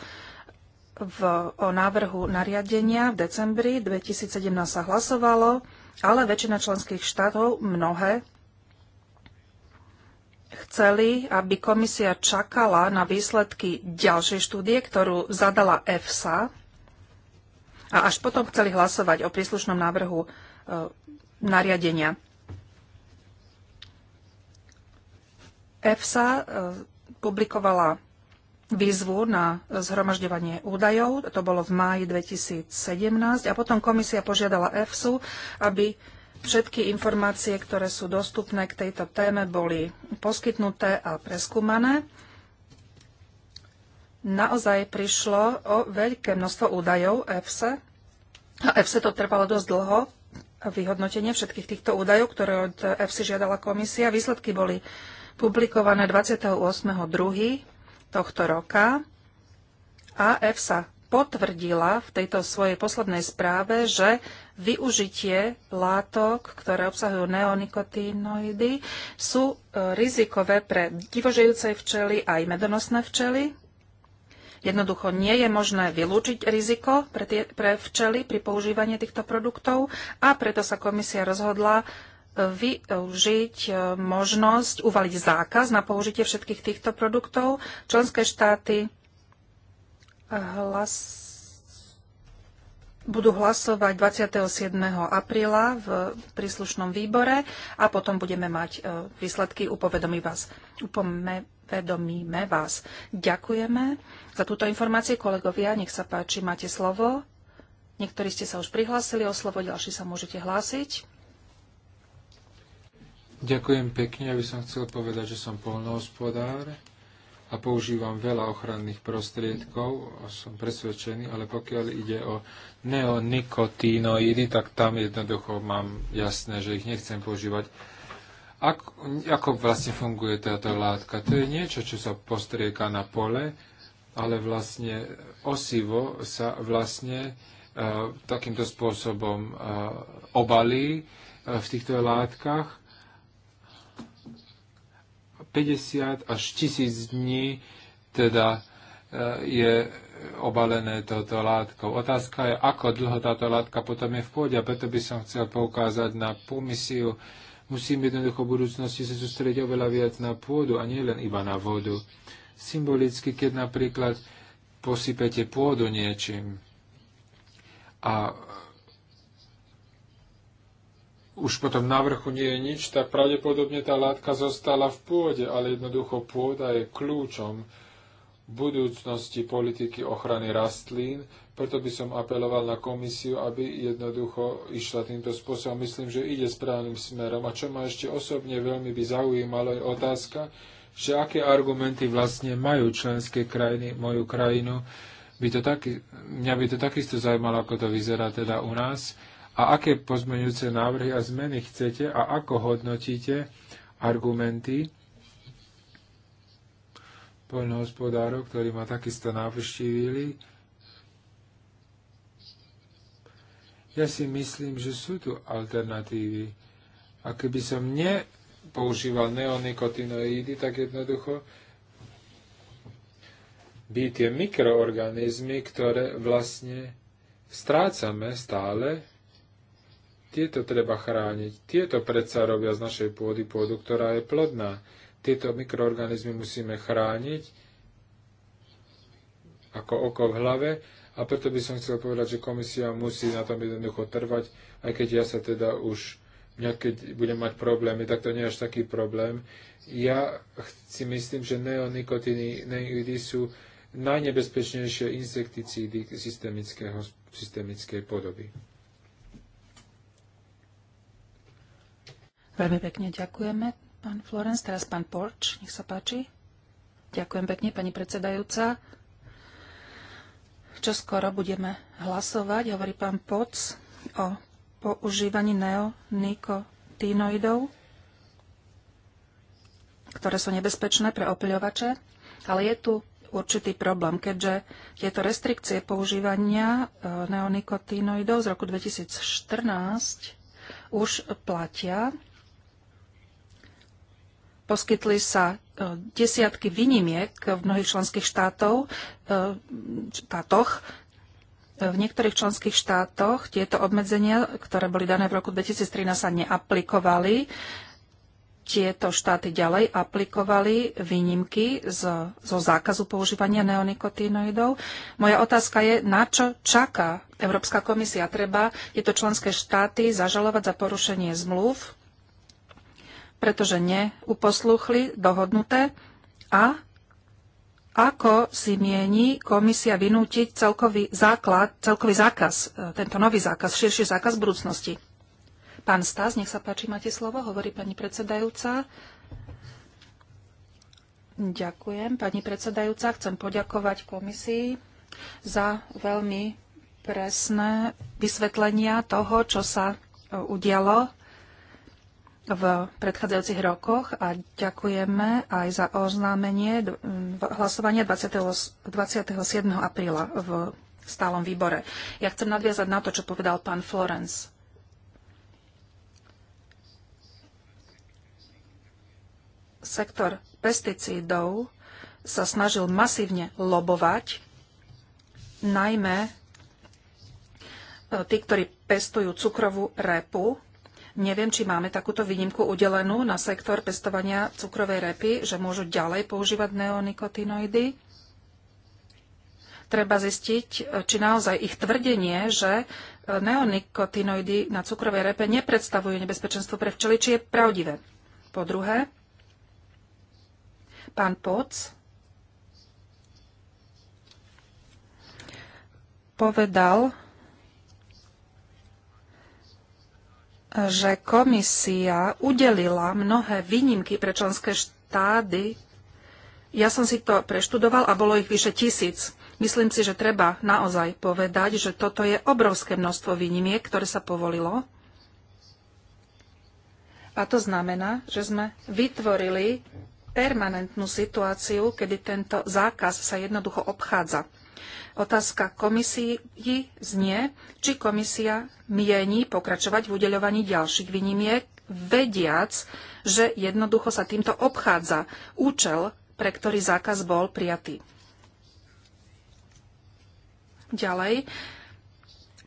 v, o návrhu nariadenia v decembri 2017 sa hlasovalo, ale väčšina členských štátov, mnohé chceli, aby komisia čakala na výsledky ďalšej štúdie, ktorú zadala EFSA a až potom chceli hlasovať o príslušnom návrhu e, nariadenia. EFSA e, publikovala výzvu na zhromažďovanie údajov, to bolo v máji 2017, a potom komisia požiadala EFSU, aby Všetky informácie, ktoré sú dostupné k tejto téme, boli poskytnuté a preskúmané. Naozaj prišlo o veľké množstvo údajov EFSE. A EFSE to trvalo dosť dlho, vyhodnotenie všetkých týchto údajov, ktoré od EFSI žiadala komisia. Výsledky boli publikované 28.2. tohto roka a EFSA potvrdila v tejto svojej poslednej správe, že využitie látok, ktoré obsahujú neonikotinoidy, sú e, rizikové pre divožejúce včely aj medonosné včely. Jednoducho nie je možné vylúčiť riziko pre, tie, pre včely pri používaní týchto produktov a preto sa komisia rozhodla e, využiť e, možnosť uvaliť zákaz na použitie všetkých týchto produktov. Členské štáty hlas budú hlasovať 27. apríla v príslušnom výbore a potom budeme mať e, výsledky, upovedomí vás. Upovedomíme vás. Ďakujeme za túto informáciu. Kolegovia, nech sa páči, máte slovo. Niektorí ste sa už prihlásili o slovo, ďalší sa môžete hlásiť. Ďakujem pekne, aby som chcel povedať, že som polnohospodár a používam veľa ochranných prostriedkov, som presvedčený, ale pokiaľ ide o neonikotínoidy, tak tam jednoducho mám jasné, že ich nechcem používať. Ako, ako vlastne funguje táto látka? To je niečo, čo sa postrieka na pole, ale vlastne osivo sa vlastne e, takýmto spôsobom e, obalí e, v týchto látkach 50 až 1000 dní teda e, je obalené touto látkou. Otázka je, ako dlho táto látka potom je v pôde a preto by som chcel poukázať na komisiu. Musím jednoducho v budúcnosti sa sústrediť oveľa viac na pôdu a nie len iba na vodu. Symbolicky, keď napríklad posypete pôdu niečím a už potom na vrchu nie je nič, tak pravdepodobne tá látka zostala v pôde, ale jednoducho pôda je kľúčom budúcnosti politiky ochrany rastlín, preto by som apeloval na komisiu, aby jednoducho išla týmto spôsobom. Myslím, že ide správnym smerom. A čo ma ešte osobne veľmi by zaujímalo, je otázka, že aké argumenty vlastne majú členské krajiny, moju krajinu. By to taký, mňa by to takisto zaujímalo, ako to vyzerá teda u nás a aké pozmeňujúce návrhy a zmeny chcete a ako hodnotíte argumenty poľnohospodárov, ktorí ma takisto navštívili. Ja si myslím, že sú tu alternatívy. A keby som nepoužíval neonikotinoidy, tak jednoducho by tie mikroorganizmy, ktoré vlastne strácame stále, tieto treba chrániť. Tieto predsa robia z našej pôdy pôdu, ktorá je plodná. Tieto mikroorganizmy musíme chrániť ako oko v hlave a preto by som chcel povedať, že komisia musí na tom jednoducho trvať, aj keď ja sa teda už keď budem mať problémy, tak to nie je až taký problém. Ja si myslím, že neonikotiny sú najnebezpečnejšie insekticídy systemickej podoby. Veľmi pekne ďakujeme, pán Florence. Teraz pán Porč, nech sa páči. Ďakujem pekne, pani predsedajúca. Čo skoro budeme hlasovať, hovorí pán Poc o používaní neonikotinoidov, ktoré sú nebezpečné pre opľovače, ale je tu určitý problém, keďže tieto restrikcie používania e, neonikotinoidov z roku 2014 už platia Poskytli sa e, desiatky výnimiek v mnohých členských štátov, e, štátoch. E, v niektorých členských štátoch tieto obmedzenia, ktoré boli dané v roku 2013, sa neaplikovali. Tieto štáty ďalej aplikovali výnimky z, zo zákazu používania neonikotinoidov. Moja otázka je, na čo čaká Európska komisia? Treba tieto členské štáty zažalovať za porušenie zmluv pretože neuposluchli dohodnuté a ako si mieni komisia vynútiť celkový základ, celkový zákaz, e, tento nový zákaz, širší zákaz budúcnosti. Pán Stas, nech sa páči, máte slovo, hovorí pani predsedajúca. Ďakujem, pani predsedajúca. Chcem poďakovať komisii za veľmi presné vysvetlenia toho, čo sa e, udialo v predchádzajúcich rokoch a ďakujeme aj za oznámenie hlasovania 20, 27. apríla v stálom výbore. Ja chcem nadviazať na to, čo povedal pán Florence. Sektor pesticídov sa snažil masívne lobovať, najmä e, tí, ktorí pestujú cukrovú repu, Neviem, či máme takúto výnimku udelenú na sektor pestovania cukrovej repy, že môžu ďalej používať neonikotinoidy. Treba zistiť, či naozaj ich tvrdenie, že e, neonikotinoidy na cukrovej repe nepredstavujú nebezpečenstvo pre včely, či je pravdivé. Po druhé, pán Poc povedal, že komisia udelila mnohé výnimky pre členské štády. Ja som si to preštudoval a bolo ich vyše tisíc. Myslím si, že treba naozaj povedať, že toto je obrovské množstvo výnimiek, ktoré sa povolilo. A to znamená, že sme vytvorili permanentnú situáciu, kedy tento zákaz sa jednoducho obchádza. Otázka komisii znie, či komisia mieni pokračovať v udeľovaní ďalších výnimiek, vediac, že jednoducho sa týmto obchádza účel, pre ktorý zákaz bol prijatý. Ďalej,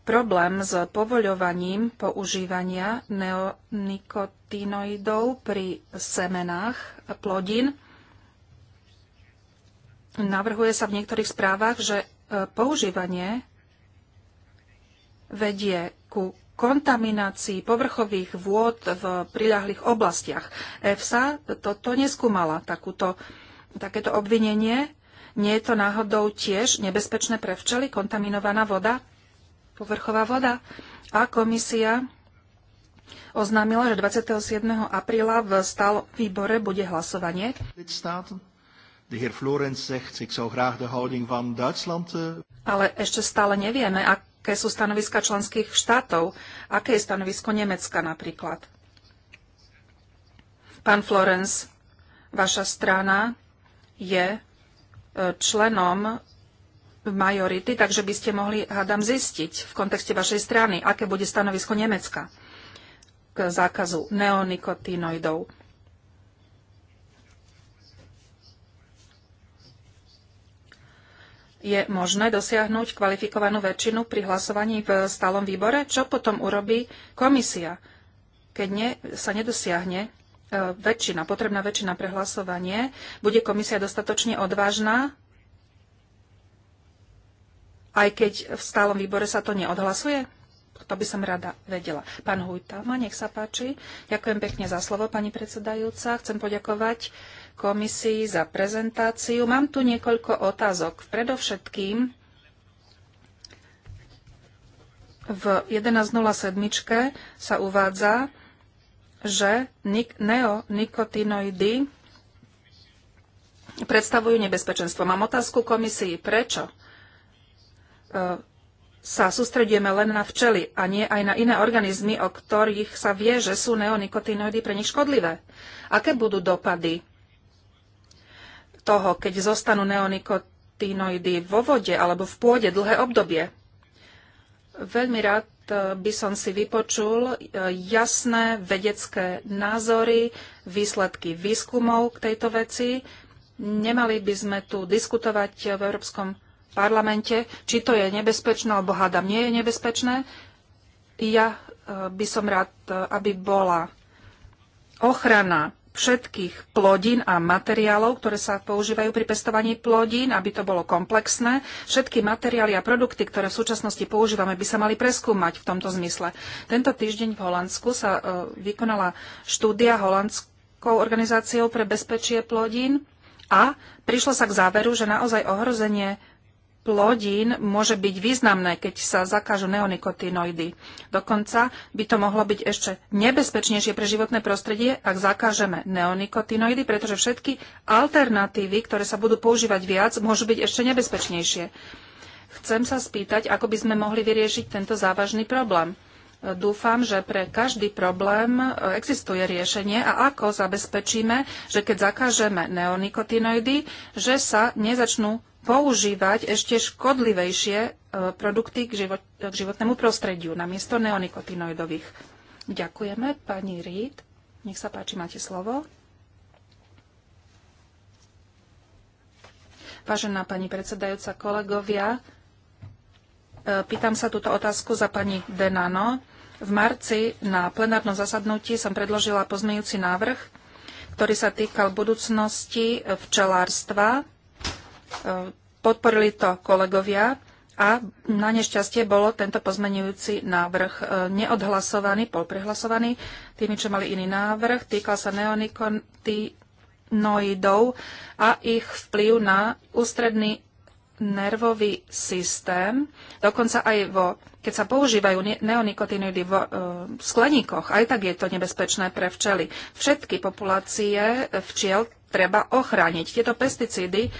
problém s povoľovaním používania neonikotinoidov pri semenách plodín. Navrhuje sa v niektorých správach, že E, používanie vedie ku kontaminácii povrchových vôd v priľahlých oblastiach. EFSA toto neskúmala, takúto, takéto obvinenie. Nie je to náhodou tiež nebezpečné pre včely, kontaminovaná voda, povrchová voda? A komisia oznámila, že 27. apríla v stálom výbore bude hlasovanie. De heer Florens zegt, ik zou graag de houding van Duitsland... Eh, Ale ešte stále nevieme, aké sú stanoviska členských štátov, aké je stanovisko Nemecka napríklad. Pán Florens, vaša strana je eh, členom majority, takže by ste mohli, hádam, zistiť v kontexte vašej strany, aké bude stanovisko Nemecka k zákazu neonikotinoidov. je možné dosiahnuť kvalifikovanú väčšinu pri hlasovaní v stálom výbore? Čo potom urobí komisia, keď nie, sa nedosiahne e, väčšina, potrebná väčšina pre hlasovanie? Bude komisia dostatočne odvážna, aj keď v stálom výbore sa to neodhlasuje? To by som rada vedela. Pán Hujtama, nech sa páči. Ďakujem pekne za slovo, pani predsedajúca. Chcem poďakovať uh, komisii za prezentáciu. Mám tu niekoľko otázok. Predovšetkým v 11.07 sa uvádza, že neonikotinoidy predstavujú nebezpečenstvo. Mám otázku komisii. Prečo? E, sa sústredujeme len na včely a nie aj na iné organizmy, o ktorých sa vie, že sú neonikotinoidy pre nich škodlivé. Aké budú dopady toho, keď zostanú neonikotinoidy vo vode alebo v pôde dlhé obdobie. Veľmi rád e, by som si vypočul e, jasné vedecké názory, výsledky výskumov k tejto veci. Nemali by sme tu diskutovať v Európskom parlamente, či to je nebezpečné, alebo hádam, nie je nebezpečné. Ja e, by som rád, aby bola ochrana všetkých plodín a materiálov, ktoré sa používajú pri pestovaní plodín, aby to bolo komplexné. Všetky materiály a produkty, ktoré v súčasnosti používame, by sa mali preskúmať v tomto zmysle. Tento týždeň v Holandsku sa e, vykonala štúdia Holandskou organizáciou pre bezpečie plodín a prišlo sa k záveru, že naozaj ohrozenie plodín môže byť významné, keď sa zakážu neonikotinoidy. Dokonca by to mohlo byť ešte nebezpečnejšie pre životné prostredie, ak zakážeme neonikotinoidy, pretože všetky alternatívy, ktoré sa budú používať viac, môžu byť ešte nebezpečnejšie. Chcem sa spýtať, ako by sme mohli vyriešiť tento závažný problém. Dúfam, že pre každý problém e, existuje riešenie a ako zabezpečíme, že keď zakážeme neonikotinoidy, že sa nezačnú používať ešte škodlivejšie e, produkty k, život, k životnému prostrediu namiesto neonikotinoidových. Ďakujeme, pani Reid. Nech sa páči, máte slovo. Vážená pani predsedajúca, kolegovia, e, pýtam sa túto otázku za pani Denano v marci na plenárnom zasadnutí som predložila pozmejúci návrh, ktorý sa týkal budúcnosti včelárstva. E, podporili to kolegovia a na nešťastie bolo tento pozmenujúci návrh e, neodhlasovaný, polprehlasovaný tými, čo mali iný návrh. Týkal sa neonikotinoidov a ich vplyv na ústredný nervový systém, dokonca aj vo, keď sa používajú neonikotinoidy e, v e, skleníkoch, aj tak je to nebezpečné pre včely. Všetky populácie včiel treba ochrániť. Tieto pesticídy,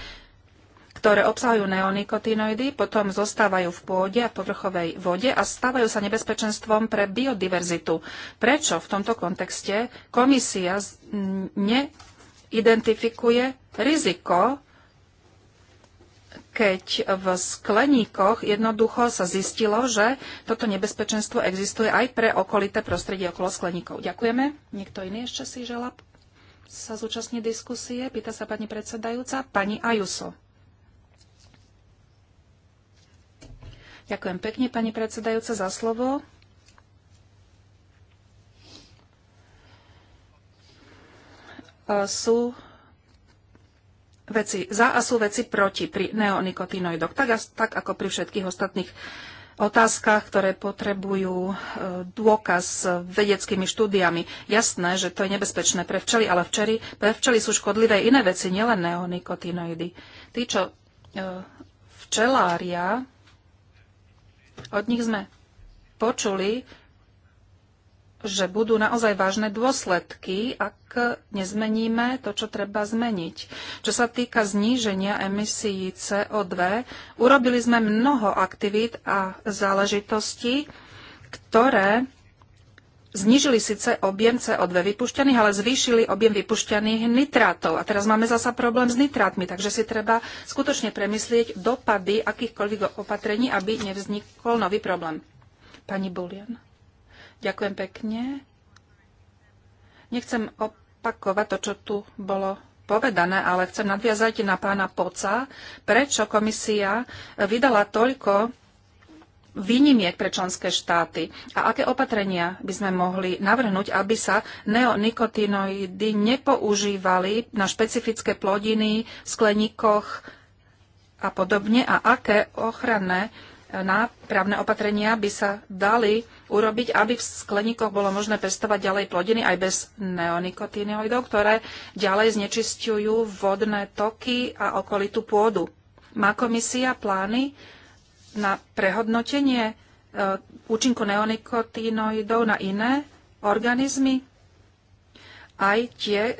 ktoré obsahujú neonikotinoidy, potom zostávajú v pôde a povrchovej vode a stávajú sa nebezpečenstvom pre biodiverzitu. Prečo v tomto kontexte komisia neidentifikuje riziko keď v skleníkoch jednoducho sa zistilo, že toto nebezpečenstvo existuje aj pre okolité prostredie okolo skleníkov. Ďakujeme. Niekto iný ešte si želá sa zúčastniť diskusie? Pýta sa pani predsedajúca. Pani Ajuso. Ďakujem pekne, pani predsedajúca, za slovo. Sú veci za a sú veci proti pri neonikotinoidoch, tak, tak ako pri všetkých ostatných otázkach, ktoré potrebujú e, dôkaz s vedeckými štúdiami. Jasné, že to je nebezpečné pre včely, ale včely, pre včely sú škodlivé iné veci, nielen neonikotinoidy. Tí, čo e, včelária, od nich sme počuli, že budú naozaj vážne dôsledky, ak nezmeníme to, čo treba zmeniť. Čo sa týka zníženia emisí CO2, urobili sme mnoho aktivít a záležitostí, ktoré znížili síce objem CO2 vypušťaných, ale zvýšili objem vypušťaných nitrátov. A teraz máme zasa problém s nitrátmi, takže si treba skutočne premyslieť dopady akýchkoľvek opatrení, aby nevznikol nový problém. Pani Bulian. Ďakujem pekne. Nechcem opakovať to, čo tu bolo povedané, ale chcem nadviazať na pána Poca, prečo komisia vydala toľko výnimiek pre členské štáty a aké opatrenia by sme mohli navrhnúť, aby sa neonikotinoidy nepoužívali na špecifické plodiny, skleníkoch a podobne a aké ochranné nápravné opatrenia by sa dali urobiť, aby v skleníkoch bolo možné pestovať ďalej plodiny aj bez neonikotinoidov, ktoré ďalej znečisťujú vodné toky a okolitú pôdu. Má komisia plány na prehodnotenie e, účinku neonikotinoidov na iné organizmy? Aj tie,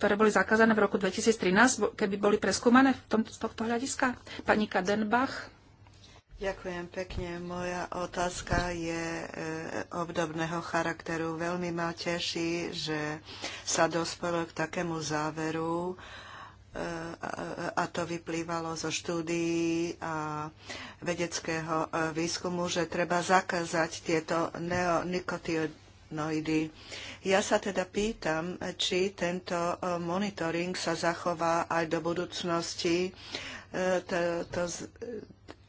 ktoré boli zakázané v roku 2013, keby boli preskúmané v tomto, z tohto hľadiska? Pani Kadenbach? Ďakujem pekne. Moja otázka je e, obdobného charakteru. Veľmi ma teší, že sa dospelo k takému záveru, e, a to vyplývalo zo štúdií a vedeckého e, výskumu, že treba zakázať tieto neonikotinoidy. Ja sa teda pýtam, či tento monitoring sa zachová aj do budúcnosti. To, to,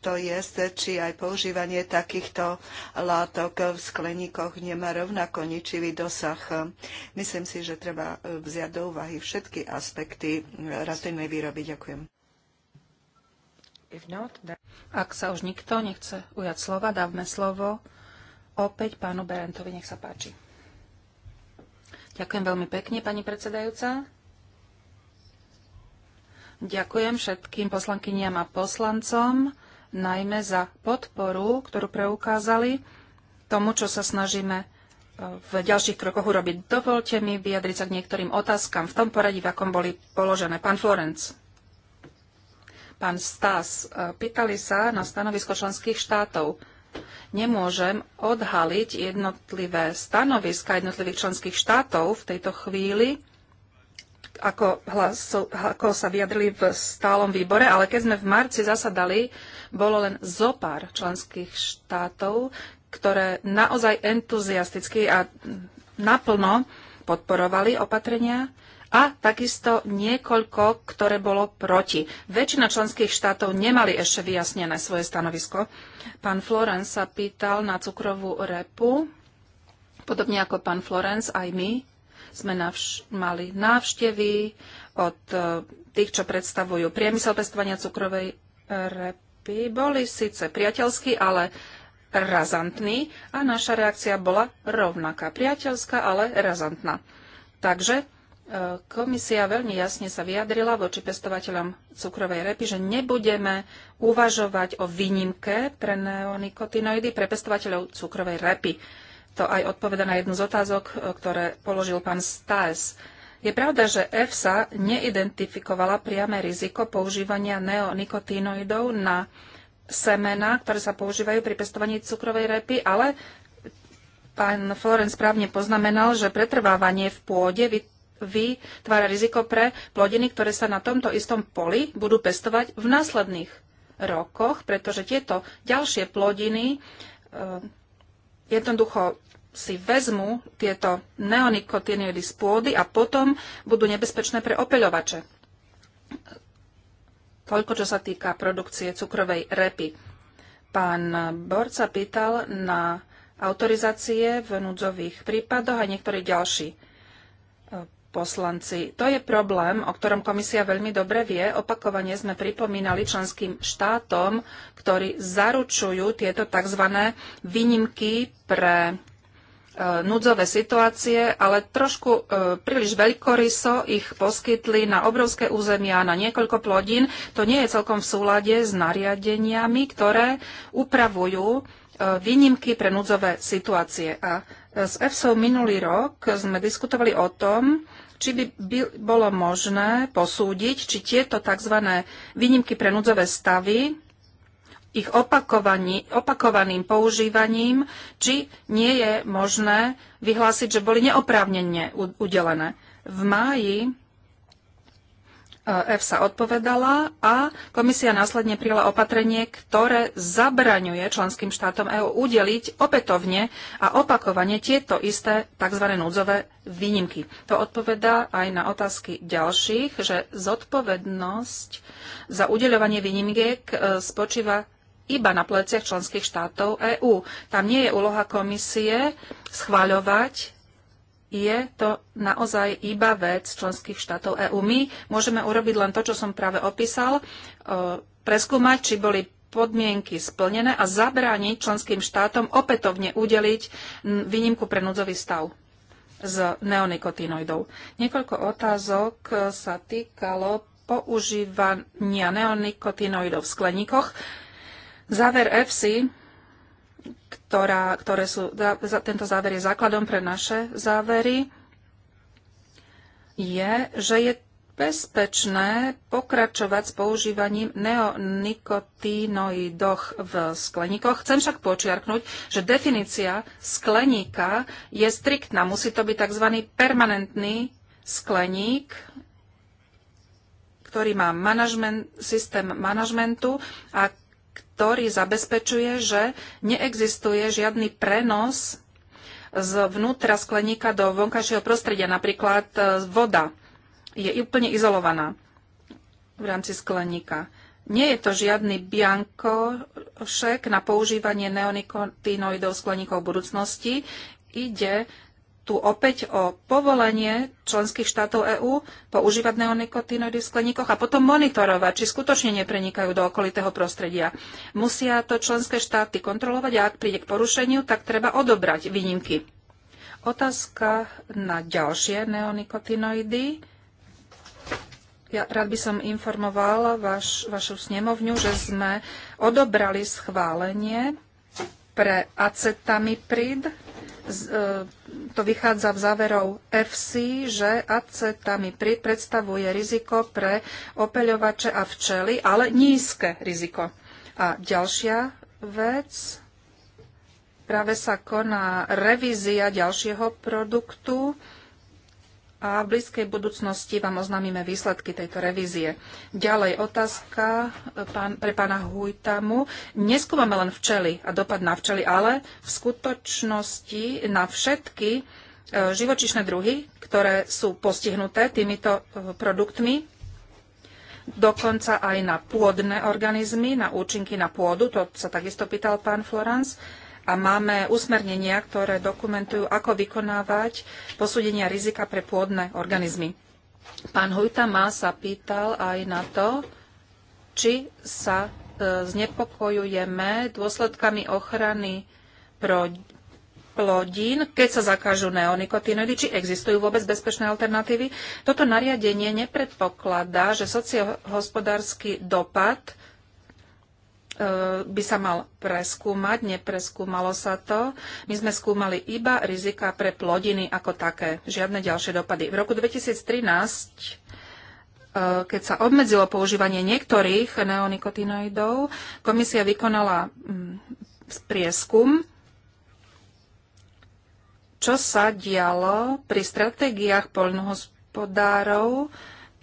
to je, či aj používanie takýchto látok v skleníkoch nemá rovnako ničivý dosah. Myslím si, že treba e, vziať do úvahy všetky aspekty e, rastlinnej výroby. Ďakujem. Ak sa už nikto nechce ujať slova, dávme slovo opäť pánu Berentovi. Nech sa páči. Ďakujem veľmi pekne, pani predsedajúca. Ďakujem všetkým poslankyniam a poslancom najmä za podporu, ktorú preukázali tomu, čo sa snažíme e, v ďalších krokoch urobiť. Dovolte mi vyjadriť sa k niektorým otázkam v tom poradí, v akom boli položené. Pán Florenc, pán Stas, e, pýtali sa na stanovisko členských štátov. Nemôžem odhaliť jednotlivé stanoviska jednotlivých členských štátov v tejto chvíli, ako, ako sa vyjadrili v stálom výbore, ale keď sme v marci zasadali, bolo len zopár členských štátov, ktoré naozaj entuziasticky a naplno podporovali opatrenia a takisto niekoľko, ktoré bolo proti. Väčšina členských štátov nemali ešte vyjasnené svoje stanovisko. Pán Florence sa pýtal na cukrovú repu, podobne ako pán Florence, aj my sme navš- mali návštevy od e, tých, čo predstavujú priemysel pestovania cukrovej repy. Boli síce priateľskí, ale razantní a naša reakcia bola rovnaká. Priateľská, ale razantná. Takže e, komisia veľmi jasne sa vyjadrila voči pestovateľom cukrovej repy, že nebudeme uvažovať o výnimke pre neonikotinoidy pre pestovateľov cukrovej repy to aj odpoveda na jednu z otázok, e, ktoré položil pán Stas. Je pravda, že EFSA neidentifikovala priame riziko používania neonikotinoidov na semena, ktoré sa používajú pri pestovaní cukrovej repy, ale pán Florence správne poznamenal, že pretrvávanie v pôde vytvára riziko pre plodiny, ktoré sa na tomto istom poli budú pestovať v následných rokoch, pretože tieto ďalšie plodiny e, jednoducho si vezmú tieto neonikotinoidy z pôdy a potom budú nebezpečné pre opeľovače. Toľko, čo sa týka produkcie cukrovej repy. Pán Borca pýtal na autorizácie v núdzových prípadoch a niektorí ďalší e, poslanci. To je problém, o ktorom komisia veľmi dobre vie. Opakovane sme pripomínali členským štátom, ktorí zaručujú tieto tzv. výnimky pre E, núdzové situácie, ale trošku e, príliš veľkoryso ich poskytli na obrovské územia, na niekoľko plodín. To nie je celkom v súlade s nariadeniami, ktoré upravujú e, výnimky pre núdzové situácie. A s EFSO minulý rok sme diskutovali o tom, či by, by bolo možné posúdiť, či tieto tzv. výnimky pre núdzové stavy ich opakovaným používaním, či nie je možné vyhlásiť, že boli neoprávnene udelené. V máji EFSA eh, odpovedala a komisia následne prijala opatrenie, ktoré zabraňuje členským štátom EÚ udeliť opätovne a opakovane tieto isté tzv. núdzové výnimky. To odpovedá aj na otázky ďalších, že zodpovednosť za udeľovanie výnimiek eh, spočíva iba na pleciach členských štátov EÚ. Tam nie je úloha komisie schváľovať, je to naozaj iba vec členských štátov EÚ. My môžeme urobiť len to, čo som práve opísal, e, preskúmať, či boli podmienky splnené a zabrániť členským štátom opätovne udeliť výnimku pre núdzový stav z neonikotinoidov. Niekoľko otázok e, sa týkalo používania neonikotinoidov v skleníkoch. Záver EFSI, ktorá, ktoré sú, tento záver je základom pre naše závery, je, že je bezpečné pokračovať s používaním neonikotinoidoch v skleníkoch. Chcem však počiarknúť, že definícia skleníka je striktná. Musí to byť tzv. permanentný skleník, ktorý má manažment, systém manažmentu a ktorý zabezpečuje, že neexistuje žiadny prenos z vnútra skleníka do vonkajšieho prostredia. Napríklad e, voda je úplne izolovaná v rámci skleníka. Nie je to žiadny biankošek na používanie neonikotinoidov skleníkov budúcnosti. Ide tu opäť o povolenie členských štátov EÚ používať neonikotinoidy v skleníkoch a potom monitorovať, či skutočne neprenikajú do okolitého prostredia. Musia to členské štáty kontrolovať a ak príde k porušeniu, tak treba odobrať výnimky. Otázka na ďalšie neonikotinoidy. Ja rád by som informovala vaš, vašu snemovňu, že sme odobrali schválenie pre acetamiprid, E, to vychádza v záverov FC, že acetami predstavuje riziko pre opeľovače a včely, ale nízke riziko. A ďalšia vec, práve sa koná revízia ďalšieho produktu, a v blízkej budúcnosti vám oznámime výsledky tejto revízie. Ďalej otázka e, pán, pre pána Hujtamu. Neskúmame len včely a dopad na včely, ale v skutočnosti na všetky e, živočišné druhy, ktoré sú postihnuté týmito e, produktmi, dokonca aj na pôdne organizmy, na účinky na pôdu, to sa takisto pýtal pán Florence, a máme usmernenia, ktoré dokumentujú, ako vykonávať posúdenia rizika pre pôdne organizmy. Pán Hujta má sa pýtal aj na to, či sa e, znepokojujeme dôsledkami ochrany pro plodín, keď sa zakážu neonikotinoidy, či existujú vôbec bezpečné alternatívy. Toto nariadenie nepredpokladá, že sociohospodársky dopad Eh, by sa mal preskúmať, nepreskúmalo sa to. My sme skúmali iba rizika pre plodiny ako také, žiadne ďalšie dopady. V roku 2013 eh, keď sa obmedzilo používanie niektorých neonikotinoidov, komisia vykonala mm, prieskum, čo sa dialo pri stratégiách poľnohospodárov,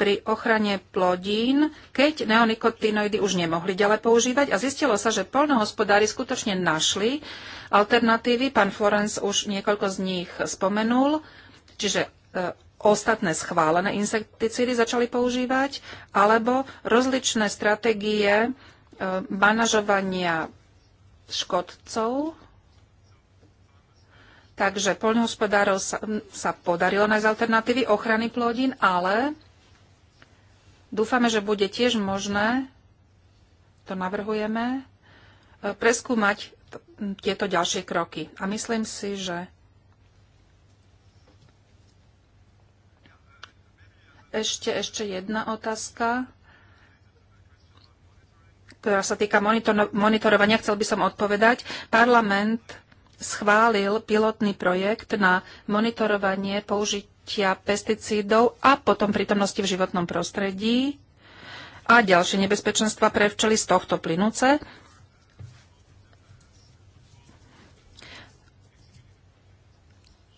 pri ochrane plodín, keď neonikotinoidy už nemohli ďalej používať a zistilo sa, že polnohospodári skutočne našli alternatívy. Pán Florence už niekoľko z nich spomenul, čiže e, ostatné schválené insekticídy začali používať, alebo rozličné stratégie e, manažovania škodcov, Takže poľnohospodárov sa, sa podarilo nájsť alternatívy ochrany plodín, ale Dúfame, že bude tiež možné, to navrhujeme, e, preskúmať tieto ďalšie kroky. A myslím si, že ešte, ešte jedna otázka, ktorá sa týka monitorovania. Chcel by som odpovedať. Parlament schválil pilotný projekt na monitorovanie použiť použitia pesticídov a potom prítomnosti v životnom prostredí a ďalšie nebezpečenstva pre včely z tohto plynúce.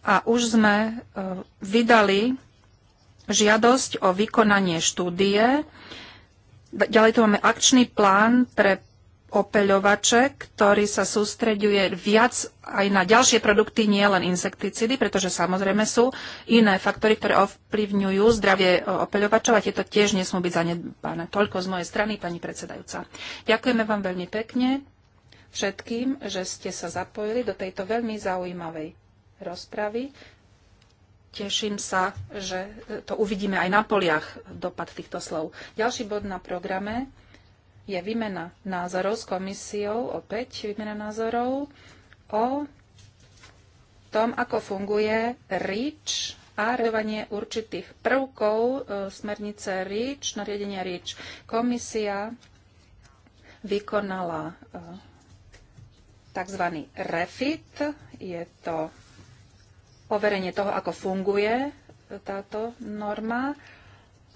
A už sme e, vydali žiadosť o vykonanie štúdie. Ďalej tu máme akčný plán pre opeľovače, ktorý sa sústreďuje viac aj na ďalšie produkty, nie len insekticídy, pretože samozrejme sú iné faktory, ktoré ovplyvňujú zdravie e, opeľovačov a tieto tiež nesmú byť zanedbané. Toľko z mojej strany, pani predsedajúca. Ďakujeme vám veľmi pekne všetkým, že ste sa zapojili do tejto veľmi zaujímavej rozpravy. Teším sa, že e, to uvidíme aj na poliach dopad týchto slov. Ďalší bod na programe je výmena názorov s komisiou, opäť výmena názorov o tom, ako funguje REACH a reľovanie určitých prvkov e, smernice REACH, nariadenia REACH. Komisia vykonala e, tzv. refit. Je to overenie toho, ako funguje e, táto norma.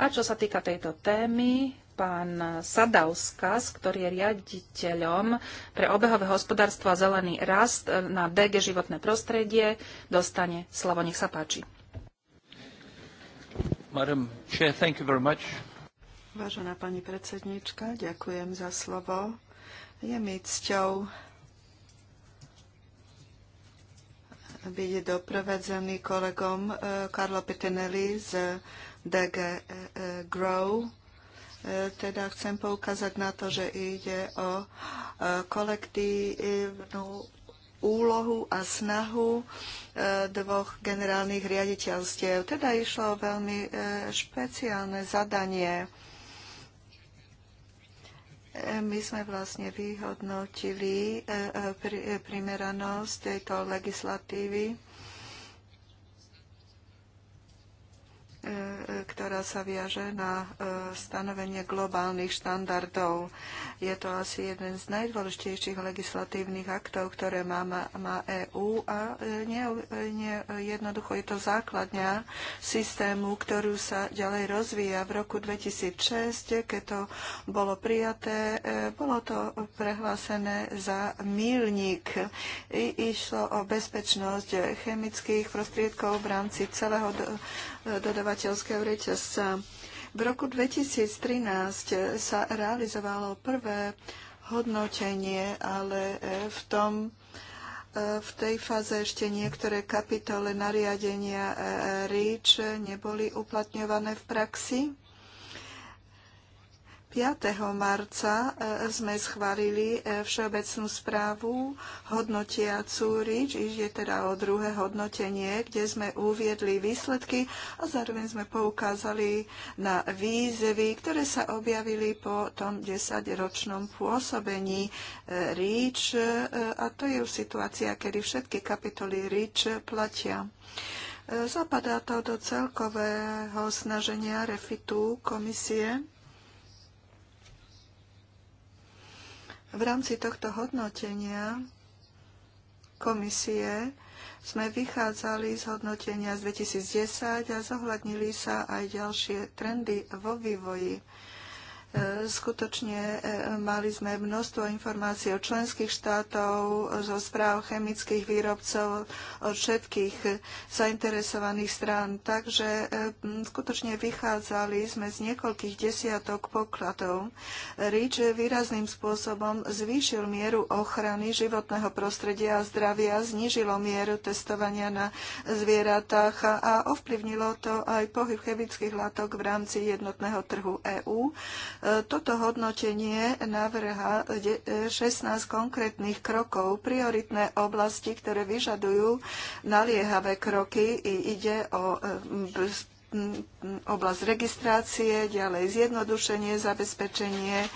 A čo sa týka tejto témy, pán Sadauskas, ktorý je riaditeľom pre obehové hospodárstvo a zelený rast e, na DG životné prostredie, dostane slovo. Nech sa páči. Madam Chair, thank you very much. Vážená pani predsednička, ďakujem za slovo. Je mi cťou byť doprovedzený kolegom Karlo e, Pitinelli z DG e, Grow teda chcem poukázať na to, že ide o e, kolektívnu úlohu a snahu e, dvoch generálnych riaditeľstiev. Teda išlo o veľmi e, špeciálne zadanie. My sme vlastne vyhodnotili primeranosť tejto legislatívy E, ktorá sa viaže na e, stanovenie globálnych štandardov. Je to asi jeden z najdôležitejších legislatívnych aktov, ktoré má, má EÚ a e, nie, nie, jednoducho je to základňa systému, ktorú sa ďalej rozvíja. V roku 2006, keď to bolo prijaté, bolo to prehlásené za mílnik. I, išlo o bezpečnosť chemických prostriedkov v rámci celého do, dodavateľského reťazca. V roku 2013 sa realizovalo prvé hodnotenie, ale e, v tom e, v tej fáze ešte niektoré kapitole nariadenia e, REACH neboli uplatňované v praxi 5. marca eh, sme schválili eh, všeobecnú správu hodnotiacu RIČ, ide teda o druhé hodnotenie, kde sme uviedli výsledky a zároveň sme poukázali na výzvy, ktoré sa objavili po tom 10-ročnom pôsobení eh, RIČ a to je už situácia, kedy všetky kapitoly RIČ platia. Zapadá to do celkového snaženia refitu komisie V rámci tohto hodnotenia komisie sme vychádzali z hodnotenia z 2010 a zohľadnili sa aj ďalšie trendy vo vývoji. E, skutočne e, mali sme množstvo informácií od členských štátov, zo správ chemických výrobcov, od všetkých zainteresovaných strán. Takže e, skutočne vychádzali sme z niekoľkých desiatok pokladov. RIČ výrazným spôsobom zvýšil mieru ochrany životného prostredia a zdravia, znižilo mieru testovania na zvieratách a ovplyvnilo to aj pohyb chemických látok v rámci jednotného trhu EÚ toto hodnotenie navrha 16 konkrétnych krokov, prioritné oblasti, ktoré vyžadujú naliehavé kroky. Ide o e, oblasť registrácie, ďalej zjednodušenie, zabezpečenie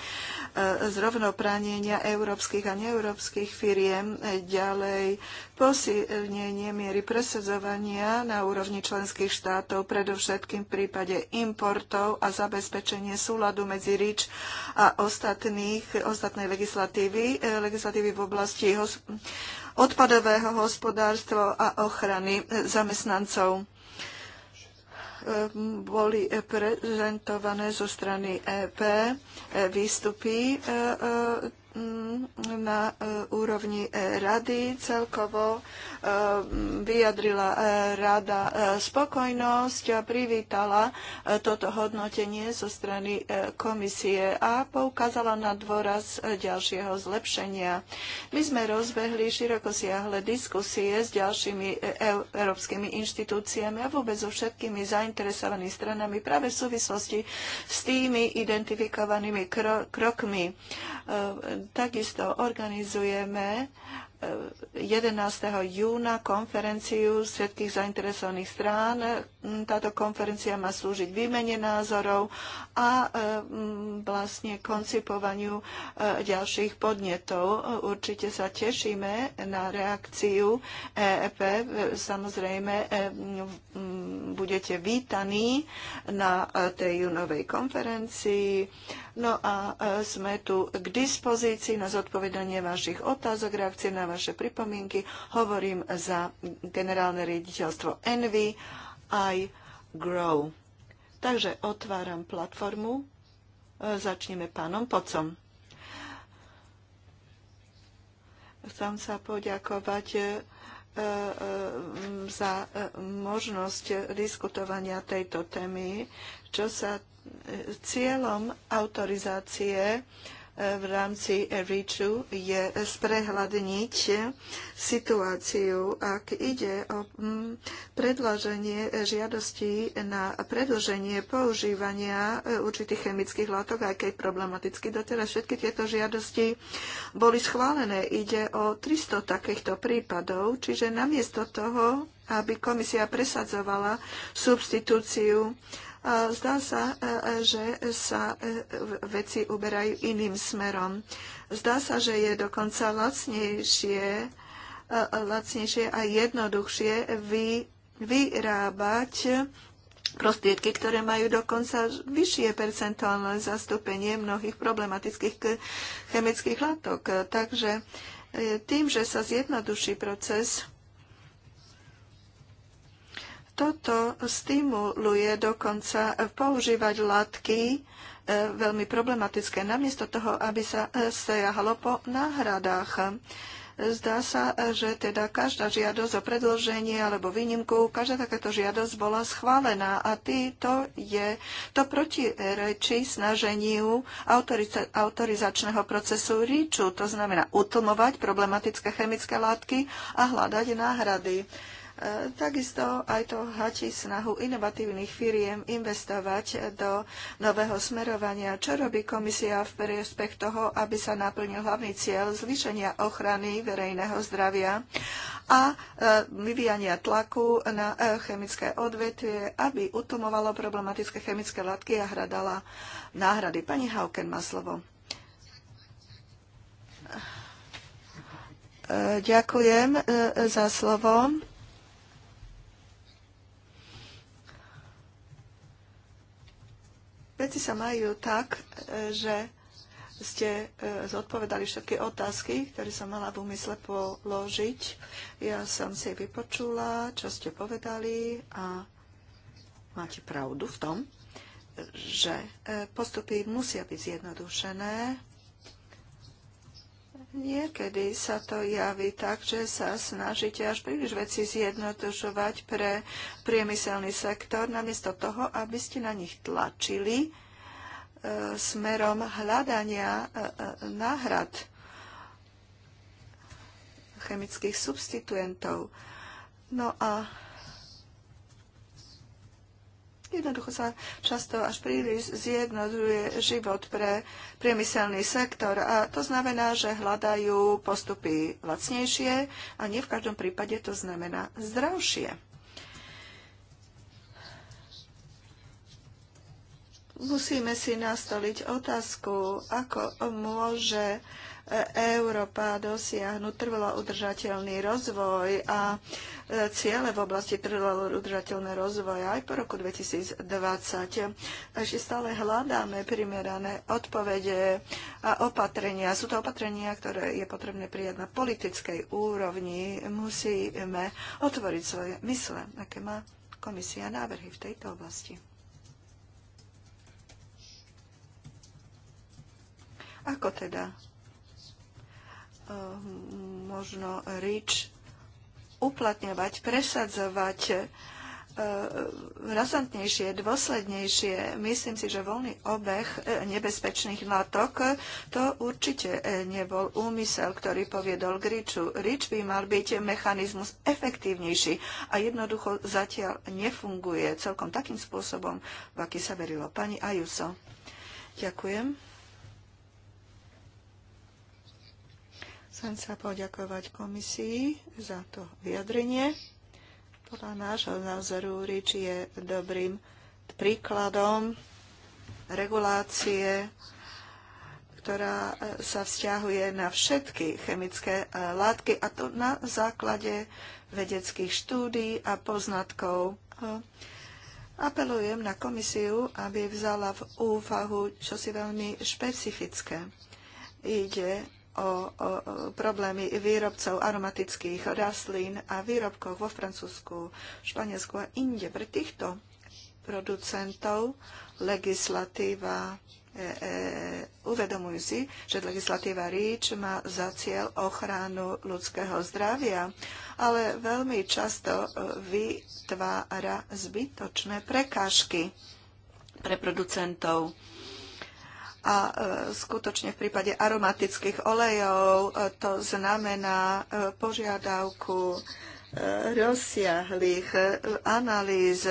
E, zrovnopránenia európskych a neeurópskych firiem, e, ďalej posilnenie miery presadzovania na úrovni členských štátov, predovšetkým v prípade importov a zabezpečenie súladu medzi RIČ a ostatných, ostatnej legislatívy, e, legislatívy v oblasti odpadového hospodárstva a ochrany zamestnancov boli prezentované zo strany EP e, výstupy e, e, Mm, na e, úrovni e, rady celkovo e, vyjadrila rada spokojnosť a privítala toto hodnotenie zo strany komisie a poukázala na dôraz ďalšieho zlepšenia. My sme rozbehli širokosiahle diskusie s ďalšími európskymi inštitúciami a vôbec so všetkými zainteresovanými stranami práve v súvislosti s tými identifikovanými krokmi Takisto organizujeme 11. Eh, júna konferenciu všetkých zainteresovaných strán, táto konferencia má slúžiť výmene názorov a mm, vlastne koncipovaniu e, ďalších podnetov. Určite sa tešíme na reakciu EEP. Samozrejme, e, mm, budete vítaní na e, tej junovej konferencii. No a sme tu k dispozícii na zodpovedanie vašich otázok, reakcie na vaše pripomienky. Hovorím za generálne riaditeľstvo Envy aj Grow. Takže otváram platformu. E, začneme pánom Pocom. Chcem sa poďakovať e, e, za možnosť diskutovania tejto témy, čo sa cieľom autorizácie v rámci REACHu je sprehľadniť situáciu, ak ide o mm, predlaženie žiadosti na predlženie používania e, určitých chemických látok, aj keď problematicky doteraz všetky tieto žiadosti boli schválené. Ide o 300 takýchto prípadov, čiže namiesto toho, aby komisia presadzovala substitúciu Zdá sa, e, e, že sa e, veci uberajú iným smerom. Zdá sa, že je dokonca lacnejšie, lacnejšie a jednoduchšie vy, vyrábať prostriedky, ktoré majú dokonca vyššie percentuálne zastúpenie mnohých problematických chemických látok. Takže tým, že sa zjednoduší proces toto stimuluje dokonca používať látky e, veľmi problematické, namiesto toho, aby sa e, sejahalo po náhradách. Zdá sa, že teda každá žiadosť o predlženie alebo výnimku, každá takáto žiadosť bola schválená a tý, to je to protirečí snaženiu autoriza- autorizačného procesu ríču, to znamená utlmovať problematické chemické látky a hľadať náhrady. Takisto aj to hačí snahu inovatívnych firiem investovať do nového smerovania. Čo robí komisia v priespech toho, aby sa naplnil hlavný cieľ zvýšenia ochrany verejného zdravia a e, vyvíjania tlaku na e, chemické odvetvie, aby utlmovalo problematické chemické látky a hradala náhrady. Pani Hauken má slovo. E, ďakujem za slovo. Veci sa majú tak, e, že ste e, zodpovedali všetky otázky, ktoré som mala v úmysle položiť. Ja som si vypočula, čo ste povedali a máte pravdu v tom, že e, postupy musia byť zjednodušené Niekedy sa to javí tak, že sa snažíte až príliš veci zjednotožovať pre priemyselný sektor, namiesto toho, aby ste na nich tlačili e, smerom hľadania e, e, náhrad chemických substituentov. No a Jednoducho sa často až príliš zjednoduje život pre priemyselný sektor a to znamená, že hľadajú postupy lacnejšie a nie v každom prípade to znamená zdravšie. musíme si nastoliť otázku, ako môže e, Európa dosiahnuť trvalo udržateľný rozvoj a e, ciele v oblasti trvalo udržateľného rozvoja aj po roku 2020. Ešte stále hľadáme primerané odpovede a opatrenia. Sú to opatrenia, ktoré je potrebné prijať na politickej úrovni. Musíme otvoriť svoje mysle, aké má komisia návrhy v tejto oblasti. Ako teda eh, možno rič uplatňovať, presadzovať eh, razantnejšie, dôslednejšie. Myslím si, že voľný obeh eh, nebezpečných látok to určite nebol úmysel, ktorý poviedol k Riču. Rič by mal byť mechanizmus efektívnejší a jednoducho zatiaľ nefunguje celkom takým spôsobom, v aký sa verilo. Pani Ajuso. Ďakujem. Chcem sa poďakovať komisii za to vyjadrenie. Podľa nášho názoru RIČ je dobrým príkladom regulácie, ktorá sa vzťahuje na všetky chemické látky a to na základe vedeckých štúdí a poznatkov. Apelujem na komisiu, aby vzala v úvahu čosi veľmi špecifické. Ide o, o problémy výrobcov aromatických rastlín a výrobkov vo Francúzsku, Španielsku a inde. Pre týchto producentov legislatíva e, e, uvedomujú si, že legislatíva REACH má za cieľ ochranu ľudského zdravia, ale veľmi často e, vytvára zbytočné prekážky pre producentov a e, skutočne v prípade aromatických olejov e, to znamená e, požiadavku rozsiahlých analýz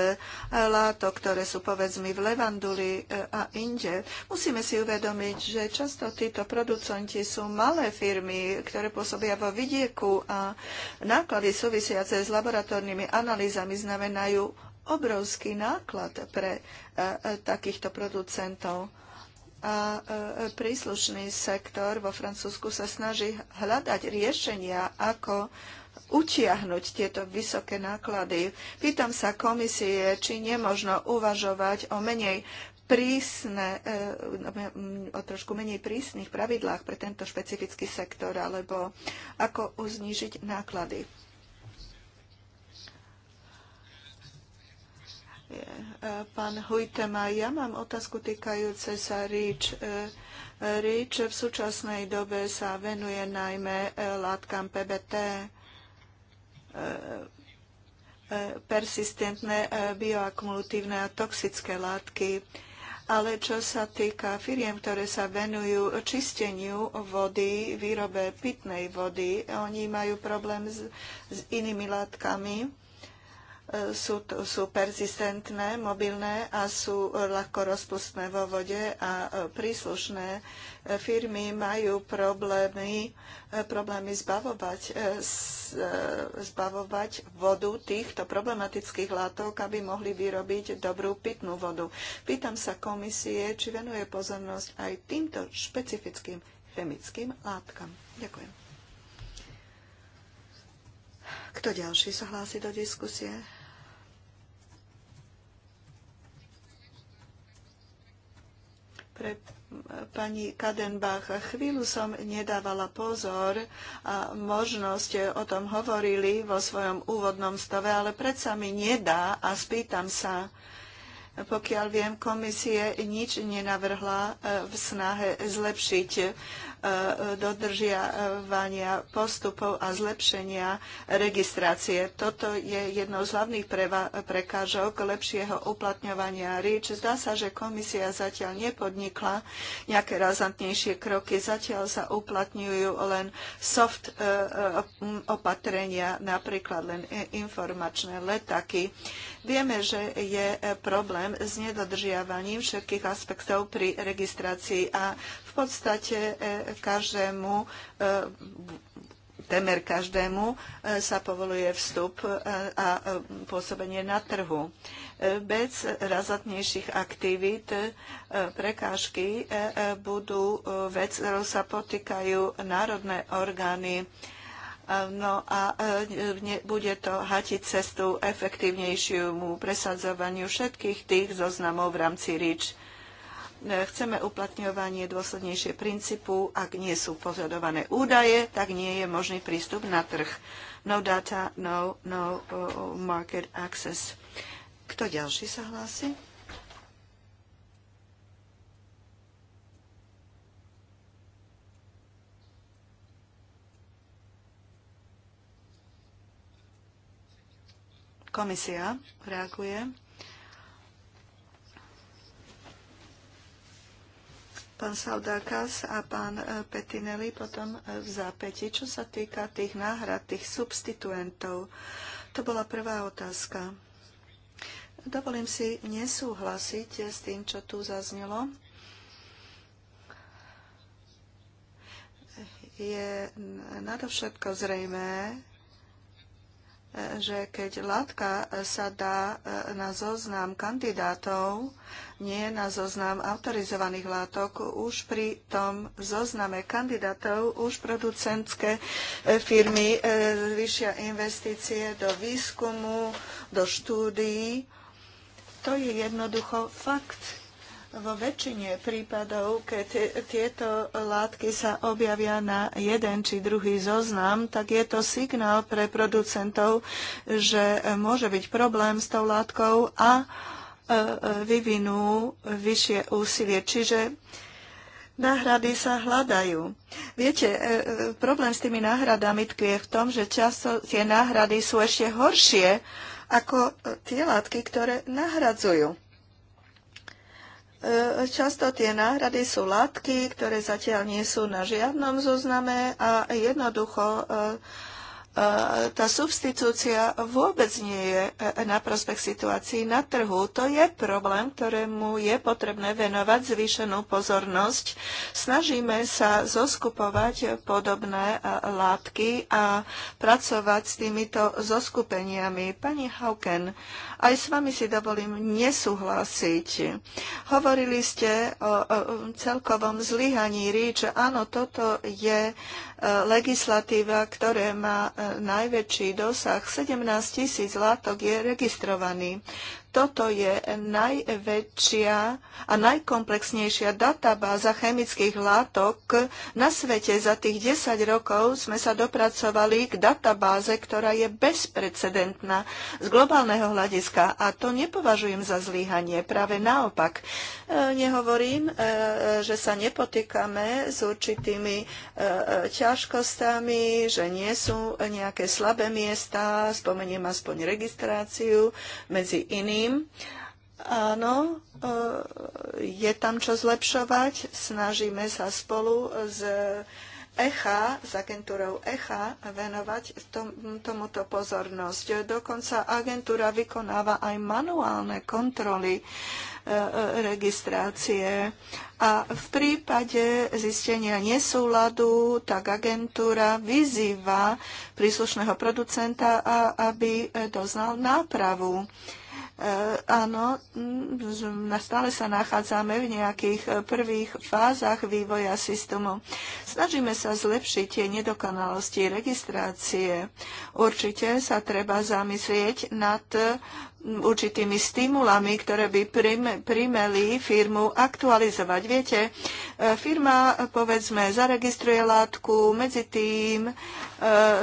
látok, ktoré sú povedzmi v levanduli a inde. Musíme si uvedomiť, že často títo producenti sú malé firmy, ktoré pôsobia vo vidieku a náklady súvisiace s laboratórnymi analýzami znamenajú obrovský náklad pre takýchto producentov a e, príslušný sektor vo Francúzsku sa snaží hľadať riešenia, ako utiahnuť tieto vysoké náklady. Pýtam sa komisie, či nemožno uvažovať o menej prísne, e, o trošku menej prísnych pravidlách pre tento špecifický sektor, alebo ako uznížiť náklady. pán Hujtema. Ja mám otázku týkajúce sa REACH. E, REACH v súčasnej dobe sa venuje najmä e, látkam PBT, e, persistentné bioakumulatívne a toxické látky. Ale čo sa týka firiem, ktoré sa venujú čisteniu vody, výrobe pitnej vody, oni majú problém s, s inými látkami sú, sú persistentné, mobilné a sú ľahko rozpustné vo vode a e, príslušné e, firmy majú problémy, e, problémy zbavovať, zbavovať vodu týchto problematických látok, aby mohli vyrobiť dobrú pitnú vodu. Pýtam sa komisie, či venuje pozornosť aj týmto špecifickým chemickým látkam. Ďakujem. Kto ďalší sa hlási do diskusie? Pred pani Kadenbach. Chvíľu som nedávala pozor a možno ste o tom hovorili vo svojom úvodnom stave, ale predsa mi nedá a spýtam sa, pokiaľ viem, komisie nič nenavrhla eh, v snahe zlepšiť dodržiavania postupov a zlepšenia registrácie. Toto je jednou z hlavných prekážok lepšieho uplatňovania REACH. Zdá sa, že komisia zatiaľ nepodnikla nejaké razantnejšie kroky. Zatiaľ sa uplatňujú len soft e, e, opatrenia, napríklad len informačné letaky. Vieme, že je e, problém s nedodržiavaním všetkých aspektov pri registrácii a v podstate e, každému e, temer každému e, sa povoluje vstup a pôsobenie na trhu. Bez razatnejších aktivít prekážky budú vec, ktorou sa potýkajú národné orgány no a bude to hatiť cestu efektívnejšiemu presadzovaniu všetkých tých zoznamov v rámci REACH chceme uplatňovanie dôslednejšie princípu, ak nie sú požadované údaje, tak nie je možný prístup na trh. No data, no, no market access. Kto ďalší sa hlási? Komisia reaguje. pán Saudákas a pán e, Petinelli potom e, v zápäti. Čo sa týka tých náhrad, tých substituentov, to bola prvá otázka. Dovolím si nesúhlasiť s tým, čo tu zaznelo. Je nadovšetko zrejmé, že keď látka e, sa dá e, na zoznam kandidátov, nie na zoznam autorizovaných látok, už pri tom zozname kandidátov už producentské e, firmy zvyšia investície do výskumu, do štúdií. To je jednoducho fakt vo väčšine prípadov, keď tieto látky sa objavia na jeden či druhý zoznam, tak je to signál pre producentov, že môže byť problém s tou látkou a e, vyvinú vyššie úsilie. Čiže náhrady sa hľadajú. Viete, e, e, problém s tými náhradami tkvie v tom, že často tie náhrady sú ešte horšie ako tie látky, ktoré nahradzujú. E, často tie náhrady sú látky, ktoré zatiaľ nie sú na žiadnom zozname a jednoducho e, tá substitúcia vôbec nie je e, e, na prospech situácií na trhu. To je problém, ktorému je potrebné venovať zvýšenú pozornosť. Snažíme sa zoskupovať podobné e, látky a pracovať s týmito zoskupeniami. Pani Hauken, aj s vami si dovolím nesúhlasiť. Hovorili ste o celkovom zlyhaní ríč. Áno, toto je legislatíva, ktoré má e, najväčší dosah, 17 tisíc látok je registrovaný. Toto je najväčšia a najkomplexnejšia databáza chemických látok na svete. Za tých 10 rokov sme sa dopracovali k databáze, ktorá je bezprecedentná z globálneho hľadiska a to nepovažujem za zlíhanie. Práve naopak, e, nehovorím, e, že sa nepotýkame s určitými e, ťažkostami, že nie sú nejaké slabé miesta, spomeniem aspoň registráciu medzi inými tým, áno, e, je tam čo zlepšovať. Snažíme sa spolu s ECHA, s agentúrou ECHA venovať tom, tomuto pozornosť. Dokonca agentúra vykonáva aj manuálne kontroly e, e, registrácie. A v prípade zistenia nesúladu, tak agentúra vyzýva príslušného producenta, aby doznal nápravu. Eh, áno, mm, stále sa nachádzame v nejakých eh, prvých fázach vývoja systému. Snažíme sa zlepšiť tie nedokonalosti registrácie. Určite sa treba zamyslieť nad eh, určitými stimulami, ktoré by primeli firmu aktualizovať. Viete, e, firma, povedzme, zaregistruje látku, medzi tým e,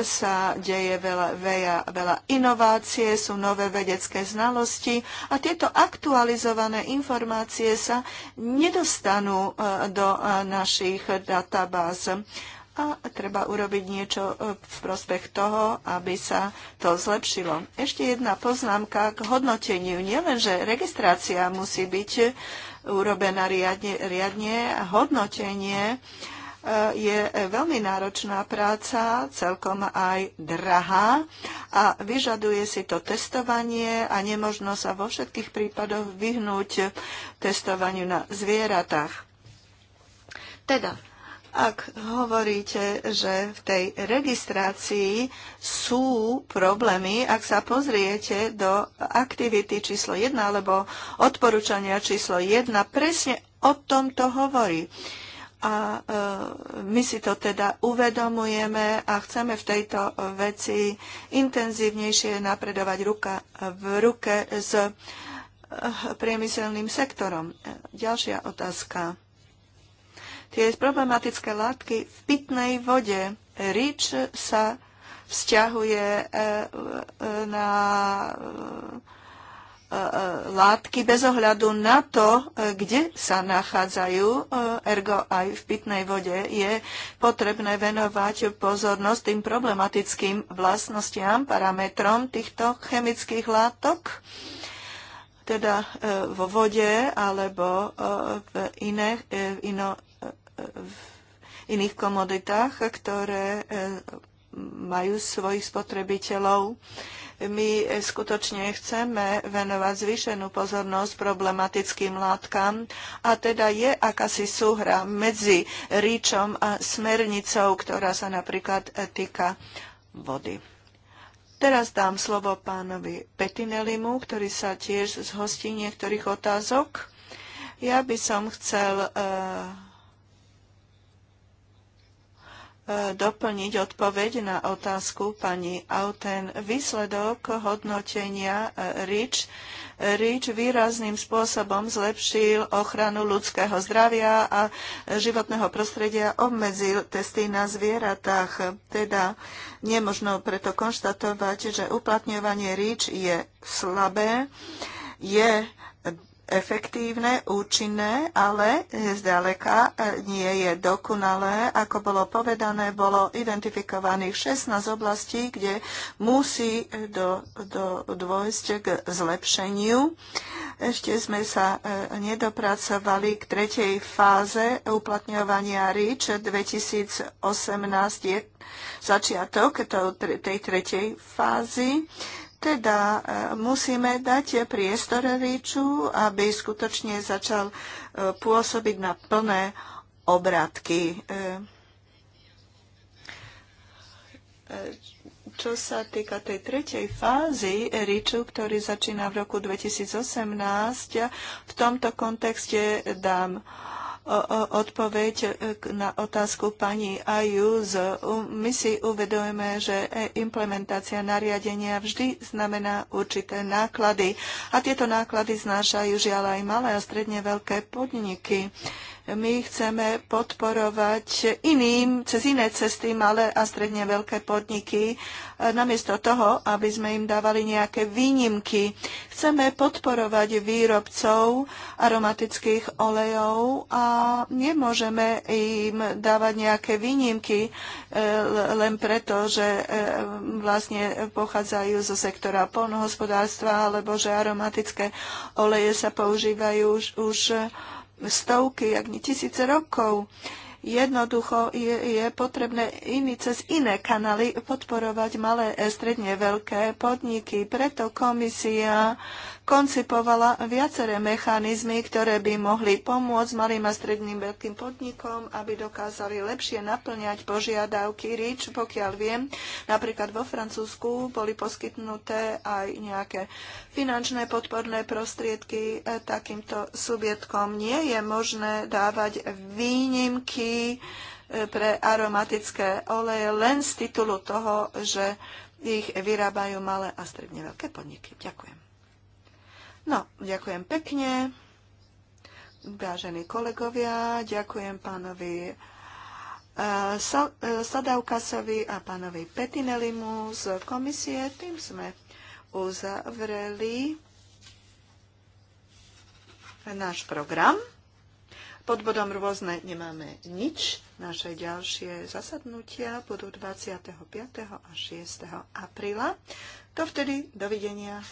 sa deje veľa, veľa, veľa inovácie, sú nové vedecké znalosti a tieto aktualizované informácie sa nedostanú e, do našich databáz a treba urobiť niečo e, v prospech toho, aby sa to zlepšilo. Ešte jedna poznámka k hodnoteniu. Nielenže registrácia musí byť e, urobená riadne, riadne hodnotenie e, je veľmi náročná práca, celkom aj drahá a vyžaduje si to testovanie a nemožno sa vo všetkých prípadoch vyhnúť testovaniu na zvieratách. Teda ak hovoríte, že v tej registrácii sú problémy, ak sa pozriete do aktivity číslo 1 alebo odporúčania číslo 1, presne o tom to hovorí. A e, my si to teda uvedomujeme a chceme v tejto e, veci intenzívnejšie napredovať ruka v ruke s e, priemyselným sektorom. Ďalšia otázka tie problematické látky v pitnej vode. Rič sa vzťahuje e, e, na e, látky bez ohľadu na to, kde sa nachádzajú, ergo aj v pitnej vode, je potrebné venovať pozornosť tým problematickým vlastnostiam, parametrom týchto chemických látok, teda vo vode alebo v, iné, ino, v iných komoditách, ktoré eh, majú svojich spotrebiteľov. My eh, skutočne chceme venovať zvýšenú pozornosť problematickým látkam a teda je akási súhra medzi ríčom a smernicou, ktorá sa napríklad eh, týka vody. Teraz dám slovo pánovi Petinelimu, ktorý sa tiež zhostí niektorých otázok. Ja by som chcel uh, doplniť odpoveď na otázku pani Auten. Výsledok hodnotenia RIČ, RIČ výrazným spôsobom zlepšil ochranu ľudského zdravia a životného prostredia, obmedzil testy na zvieratách. Teda nemožno preto konštatovať, že uplatňovanie RIČ je slabé, je efektívne, účinné, ale zďaleka e, nie je dokonalé. Ako bolo povedané, bolo identifikovaných 16 oblastí, kde musí do, do, dôjsť k zlepšeniu. Ešte sme sa e, nedopracovali k tretej fáze uplatňovania REACH 2018 je začiatok tej tretej fázy teda e, musíme dať priestor ríču, aby skutočne začal e, pôsobiť na plné obratky. E, čo sa týka tej tretej fázy ríču, ktorý začína v roku 2018, v tomto kontexte dám odpoveď e, na otázku pani Ayuz. My si uvedujeme, že implementácia nariadenia vždy znamená určité náklady. A tieto náklady znášajú žiaľ aj malé a stredne veľké podniky my chceme podporovať iným, cez iné cesty malé a stredne veľké podniky, e, namiesto toho, aby sme im dávali nejaké výnimky. Chceme podporovať výrobcov aromatických olejov a nemôžeme im dávať nejaké výnimky e, len preto, že e, vlastne pochádzajú zo sektora polnohospodárstva alebo že aromatické oleje sa používajú už, už stovky, jak nie tisíce rokov. Jednoducho je, je potrebné iný cez iné kanály podporovať malé, stredne veľké podniky. Preto komisia koncipovala viaceré mechanizmy, ktoré by mohli pomôcť malým a stredným veľkým podnikom, aby dokázali lepšie naplňať požiadavky REACH. Pokiaľ viem, napríklad vo Francúzsku boli poskytnuté aj nejaké finančné podporné prostriedky e, takýmto subjetkom. Nie je možné dávať výnimky e, pre aromatické oleje len z titulu toho, že ich vyrábajú malé a stredne veľké podniky. Ďakujem. No, ďakujem pekne. Vážení kolegovia, ďakujem pánovi eh, eh, Sadaukasovi a pánovi Petinelimu z komisie. Tým sme uzavreli náš program. Pod bodom rôzne nemáme nič. Naše ďalšie zasadnutia budú 25. a 6. apríla. To vtedy dovidenia.